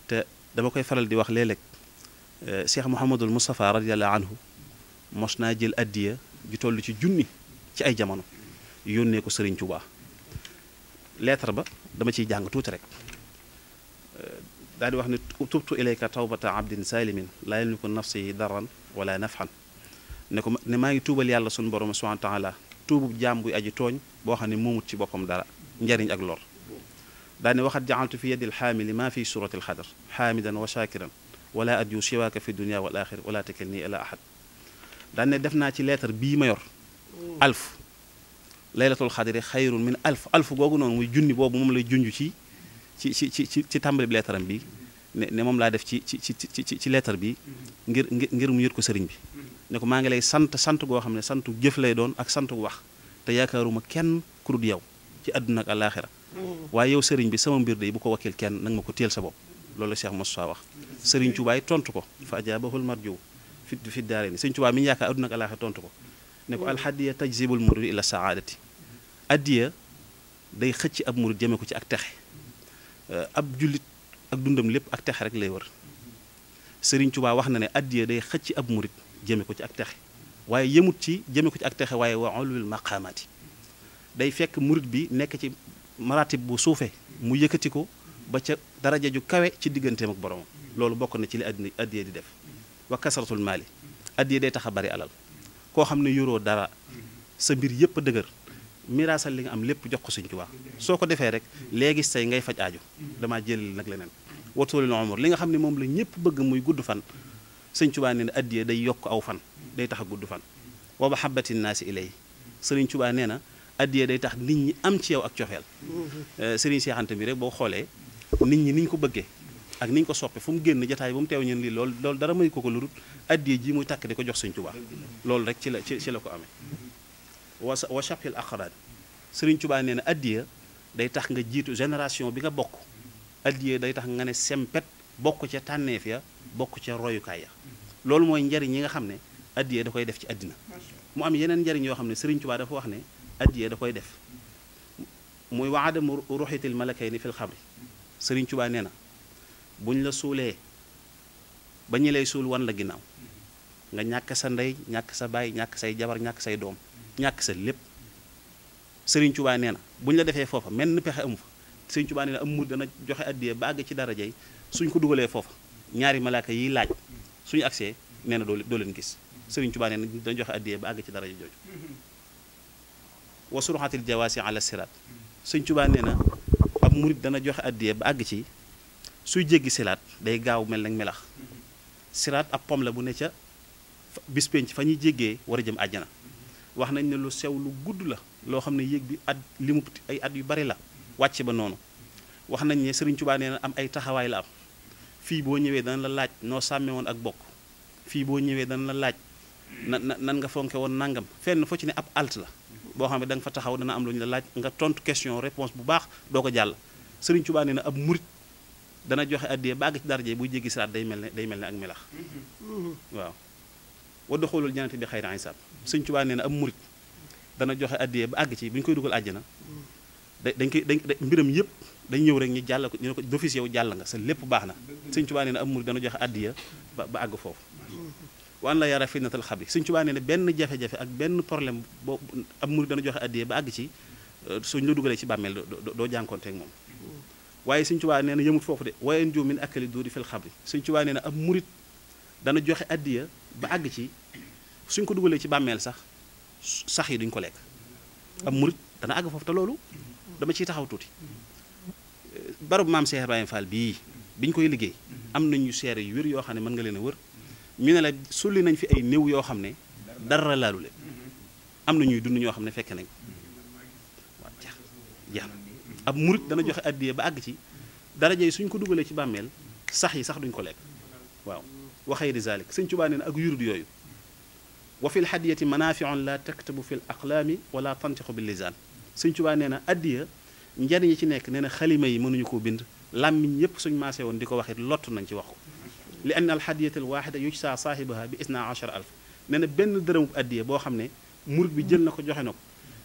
te dama koy faral di wax léeg-léeg Eh, Cheikh Mouhamadul Moustapha radiyallahu anhu mos naa jël addiya ju toll ci junni ci ay jamono yónnee ko sëriñ Touba lettre ba dama ciy jàng tuuti rek eh, daal di wax ne tubtu ilayka tawbata abdin salimin laa yamliku nafsi darran wala nafxan ne ko ne maa ngi tuubal yàlla sunu borom subhanahu wa taala tuubub jaam buy aji tooñ boo xam ne moomut ci boppam dara njariñ ak lor daal ne waxat jaaltu fi yadi alxaamili maa fi surati alxadar xaamidan wa shaakiran wala aju siwaaka fi dunia wal axira wala tekel nii ila ahad daan ne def naa ci lettre bii ma yor mm. alf laylatul xadri xayrun min alf alf googu noonu muy junni boobu moom lay junju ci ci ci ci ci tàmbali bi leetaram bi ne ne moom laa def ci ci ci ci leetar bi mm-hmm. ngir ngir mu yët ko sëriñ bi mm-hmm. ne ko maa ngi lay sant sant goo xam ne santu jëf lay doon ak sant wax te yaakaaruma kenn ku dul yow ci àdduna ak àllaaxira mm. waaye yow sëriñ bi sama mbir day bu ko wakkil kenn nag ma ko téel sa bopp loolu la mos Moussa wax Serigne Touba tontu ko fa ajaabahu marjow fi fi daare ni Serigne Touba mi ñu yaakaar adduna ak alaaxe tontu ko ne ko alxadiya tajzibul murid ila saadati addiya day xëcc ab murid jëme ko ci ak texe ab jullit ak dundam lépp ak texe rek lay wër sëriñ Touba wax na ne addiya day xëcc ab murid jëme ko ci ak texe waaye yëmut ci jëme ko ci ak texe waaye wa ulul maqaamaati day fekk murid bi nekk ci maratib bu suufee mu yëkkati ko ba ca daraja ju kawe ci digganteem ak boromam loolu bokk na ci li addina addiyee di def wa kasratul maali addiyee day tax a bari alal koo xam ne yoroo dara sa mbir yëpp dëgër miraasal li nga am lépp jox ko Sëñ Tuubaa soo ko defee rek léegi say ngay faj aaju damaa jëlil nag leneen watoolil umur li nga xam ne moom la ñëpp bëgg muy gudd fan Sëñ Tuubaa nee na addiyee day yokk aw fan day tax a gudd fan wa mahabbati naasi ilay Sëriñ Tuubaa nee na addiyee day tax nit ñi am ci yow ak cofeel mm-hmm. eh, Sëriñ Seex bi rek boo xoolee nit ñi ni ko bëggee ak ni ko soppe fu mu génn jataay bu mu teew ñeen lii loolu loolu dara may ko ko lu dul ji muy tàkk di ko jox Sëñ Tuubaa loolu rek ci la ci ci la ko amee wa wa chapil aqraan Sëriñ Tuubaa nee na addiya day tax nga jiitu génération bi nga bokk addiya day tax nga ne sempet bokk ca tànneef ya bokk ca royukaay ya loolu mooy njariñ yi nga xam ne addiya da koy def ci àddina mu am yeneen njariñ yoo xam ne Sëriñ Tuubaa dafa wax ne addiya da koy def muy waadamu ruxitil malakayni fil xabri sëriñ Tuubaa nee na buñ la suulee ba ñu lay suul wan la ginnaaw nga ñàkk sa ndey ñàkk sa baay ñàkk say jabar ñàkk say doom ñàkk sa lépp sëriñ Tuubaa nee na buñ la defee foofa menn pexe amu fa sëriñ Tuubaa nee na mu dana joxe addiyee ba àgg ci darajey suñ ko dugalee foofa ñaari malaaka yiy laaj suñu agsee nee na doo doo leen gis sëriñ Tuubaa na dana joxe addiyee ba ci daraja jooju wa surxatil jawaasi ala siraat sëriñ Tuubaa nee murit dana joxe addiya ba àgg ci suy jéggi silaat day gaaw mel nag melax silaat ab pom la bu ne ca bispenc fa ñuy jéggee war a jëm àjjana wax nañ ne lu sew lu gudd la loo xam ne yéeg bi at li mu ay at yu bari la wàcce ba noonu wax nañ ne Sëriñ Tuubaa nee na am ay taxawaay la am fii boo ñëwee dana la laaj noo sàmmee woon ak bokk fii boo ñëwee dana la laaj na nan nga fonke woon nangam fenn foo ci ne ab alt la boo xam ne da nga fa taxaw dana am lu ñu la laaj nga tontu question réponse bu baax Sëriñ Tuubaa nee na ab murit dana joxe addiyee bàgg ci darajee buy jéggi siraat day mel ne day mel ne ak melax mm-hmm. waaw waddu xoolul janate bi xayri ay sab Sëriñ Tuubaa na ab murit dana joxe addiyee ba àgg ci bu koy dugal àjjana mm-hmm. da dañ koy dañ mbiram yëpp dañ ñëw rek ñu jàll ko ñu ne ko jàll nga sa lépp baax na Sëriñ Tuubaa nee na ab joxe addiya ba ba àgg foofu mm-hmm. waan la yara fitnatal xabri Sëriñ Tuubaa nee na benn jafe-jafe ak benn problème boo ab murit dana joxe addiyee ba àgg ci euh, suñ la dugalee ci bàmmeel doo jànkoonteek moom waaye Sëñ Tuubaa nee na yëmut foofu de waaye ak min akkali duudi fil xabri Sëñ Tuubaa nee na ab murit dana joxe addiya ba àgg ci suñ ko dugalee ci bàmmeel sax sax yi duñ ko lekk ab murit dana àgg foofu te loolu dama ciy taxaw tuuti barab maam Cheikh Ibrahima Fall bii biñ koy liggéey am na nañu seere yu wér yoo xam ne mën nga leen a wër ñu ne la sulli nañ fi ay néew yoo xam ne dara laalu leen am na ñuy dund ñoo xam ne fekk nañ waaw na ab murit dana joxe addiye ba àgg ci daraja yi suñ ko dugalee ci bàmmeel sax yi sax duñ ko lekk waaw waxee di zalik suñ Tuubaa nee ak yurud yooyu wa fil hadiyati manaafiun la taktabu fil aqlaami wala tantixu bil lisaan sëñ Tuubaa nee na addiya njariñ yi ci nekk nee na xalima yi mënuñu koo bind làmmiñ yépp suñ maasee woon di ko waxit lottu nañ ci wax ko li anna al hadiyata al waxida saa saahibaha bi isna achara alf nee na benn dërëmub addiya boo xam ne murit bi jël na ko joxe na ko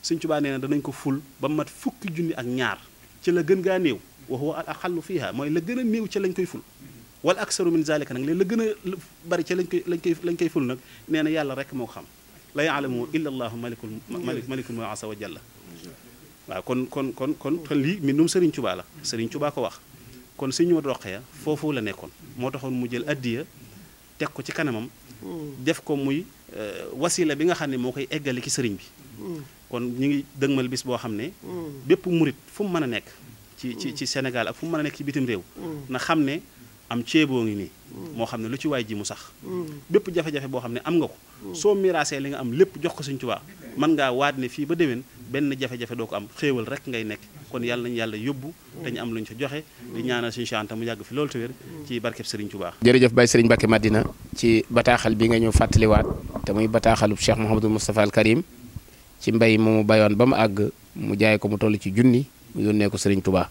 sëñ Tuubaa nee na danañ ko ful ba mat fukki junni ak ñaar ci la gën gaa néew wa huwa al fiha mooy la gën a néew ci lañ koy ful wala aksaru min zalika nag léegi la gën a bari ci lañ koy lañ koy lañ ful nag nee na yàlla rek moo xam la yaalamu illa allahu malikul malikul ma asa wa jalla waaw kon kon kon kon kon lii mbindum Sëriñ Tubaa la Sëriñ Tubaa ko wax kon suñu ma doqee foofu la nekkoon moo taxoon mu jël addiya teg ko ci kanamam mm. def ko muy euh, wasila bi nga xam ne moo koy eggale ci sëriñ bi mm. kon ñu ngi dëgmal bis boo xam ne mm. bépp murit fu mu mën a nekk ci ci ci Sénégal ak fu mu mën a nekk ci bitim réew mm. na xam ne am ceeboo ngi nii mm. moo xam ne lu ci waay ji mu sax bépp jafe-jafe boo xam ne am nga ko soo miraasee li nga am lépp jox ko Sëñ Tuubaa mën ngaa waat ne fii ba déwén benn jafe-jafe doo ko am xéewal rek ngay nekk kon yàlla nañu yàlla yóbbu dañu am lu ñu fa joxe di ñaanal suñu chanta mu yàgg fi loolu te wér ci barkeb Sëriñ Tuubaa jërëjëf Baye Sëriñ Mbàkke Madina ci bataaxal bi nga ñëw fàttaliwaat te muy bataaxalub Cheikh Mouhamadou Moustapha al Karim ci mbay mu bayoon ba mu àgg mu jaay ko mu toll ci junni mu yónnee ko Serigne Touba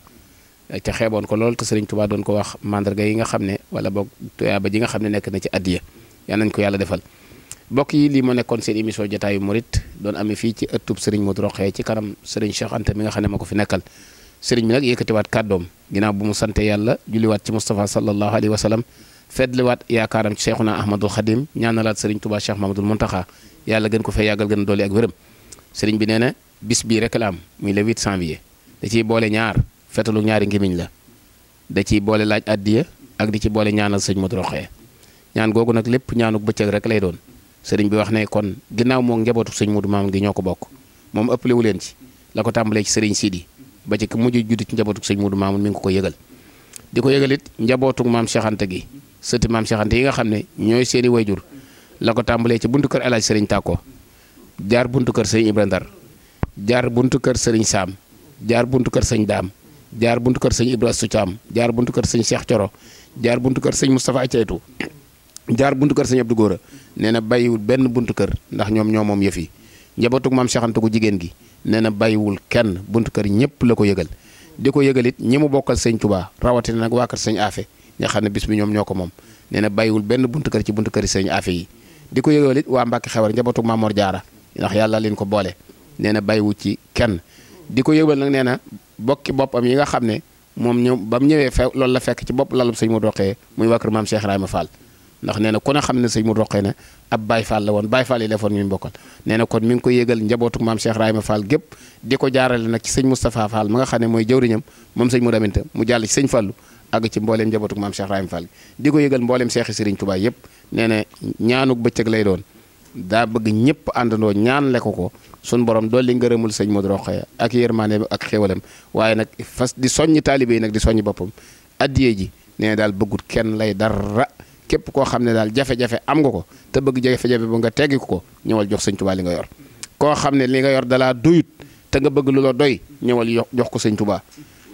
te xeeboon ko lool te Serigne Touba doon ko wax mandarga yi nga xam ne wala boog tuyaaba ji nga xam ne nekk na ci addiya yaa nañ ko yàlla defal. mbokk yi lii moo nekkoon seen émission jotaayu murit doon amee fii ci ëttub Serigne Modou Rokhaya ci kanam Serigne Cheikh Anta mi nga xam ne ma ko fi nekkal Serigne bi nag yëkkatiwaat kàddoom ginnaaw bu mu sante yàlla julliwaat ci Moustapha sallallahu alayhi wa sallam fedliwaat yaakaaram ci Cheikhuna Ahmadul Khadim ñaanalaat Serigne Touba Cheikh Mamadou Mountakha yàlla gën ko fee yàggal gën a doole sëriñ bi nee na bis bii rek la am muy le 8 janvier da ciy boole ñaar fetalu ñaari ngimiñ la da ciy boole laaj addiya ak di ci boole ñaanal sëñ Modou Rokhaya ñaan googu nag lépp ñaanuk bëccëg rek lay doon sëriñ bi wax ne kon ginnaaw moo njabootu sëñ Modou Mamoune gi ñoo ko bokk moom ëppale wu leen ci la ko tàmbalee ci sëriñ Sidi ba ci mujj judd ci njabootu sëñ Modou Mamoune mi ngi ko ko yëgal di ko yëgal it njabootu maam seexante gi s maam Cheikh yi nga xam ne ñooy seeni wayjur la ko tàmbalee ci buntu kër El Hadj Sëriñ Tako jaar buntu kër sëñ Ibra Ndar jaar buntu kër sëriñ Saam jaar buntu kër sëñ Daam jaar buntu kër sëñ Ibra Sucaam jaar buntu kër sëñ Cheikh Coro jaar buntu kër sëñ Moustapha Ceytu jaar buntu kër sëñ Abdou Góora nee na bàyyiwul benn buntu kër ndax ñoom ñoo moom yëf yi maam Cheikh Anta jigéen gi nee na bàyyiwul kenn buntu kër ñëpp la ko yëgal di ko yëgal it ñi mu bokkal sëñ Touba rawatina nag waa kër sëñ Afe nga xam ne bis bi ñoom ñoo ko moom nee na bàyyiwul benn buntu kër ci buntu kër sëñ Afe yi di ko yëgal it waa Mbàkke Xewar njabootug Maamoor Jaara ndax yàlla leen ko boole nee na bàyyiwu ci kenn di ko yëbal nag nee na bokki boppam yi nga xam ne moom ñëw ba mu ñëwee fe loolu la fekk ci bopp lalub sëñ mu doqee muy waa kër maam Cheikh ma Fall ndax nee na ku ne xam ne sëñ mu doqee ne ab Baye Fall la woon Baye Fall yi la foon ñu bokkal na kon mi ngi ko yégal njabootuk maam Cheikh Ibrahima Fall gépp di ko jaarale nag ci sëñ Moustapha Fall ma nga xam ne mooy jëwriñam moom sëñ mu daminta mu jàll ci sëñ Fallu àgg ci mbooleem njabootuk maam Cheikh Ibrahima Fall di ko yëgal mbooleem Cheikh Serigne Touba yëpp nee na ñaanuk bëccëg lay doon daa bëgg ñëpp àndandoo ñaan lekk ko sun borom dolli ngërëmul sëñ Modou Rokhaya ak yërmaaneem ak xéwalam waaye nag fas di soññ taalibe yi nag di soññ boppam addiye ji nee daal bëggut kenn lay dara képp koo xam ne daal jafe-jafe am nga ko te bëgg jafe-jafe ba nga teggi ko ñëwal jox sëñ Touba li nga yor koo xam ne li nga yor dalaa doyut te nga bëgg lu la doy ñëwal jox ko sëñ Touba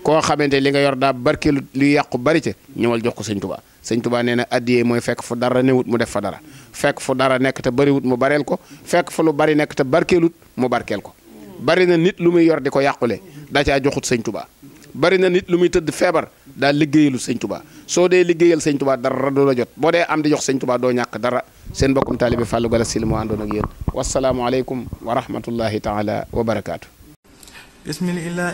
koo xamante li nga yor daa barke lu yàqu bari ca ñëwal jox ko sëñ Touba sëñ Touba nee na addiye mooy fekk fu dara newut mu def fa dara fekk fu dara nekk te bariwut mu bareel ko fekk fu lu bari nekk te barkeelut mu barkeel ko bari na nit lu muy yor di ko yàqule da caa joxut sëñ tubaa bari na nit lu muy tëdd feebar daa liggéeyalu sëñ tubaa soo dee liggéeyal sëñ tubaa dara du la jot boo dee am di jox sëñ tubaa doo ñàkk dara seen bokkum taalibe Fallou Galass Syll moo àndoon ak yéen wasalaamualeykum wa rahmatullahi taala wa barakaatu. bismillah.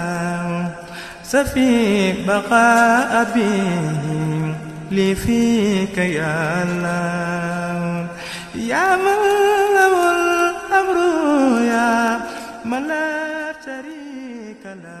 سفي بقاء أبيهم لي فيك يا الله يا من له الأمر يا من لا شريك له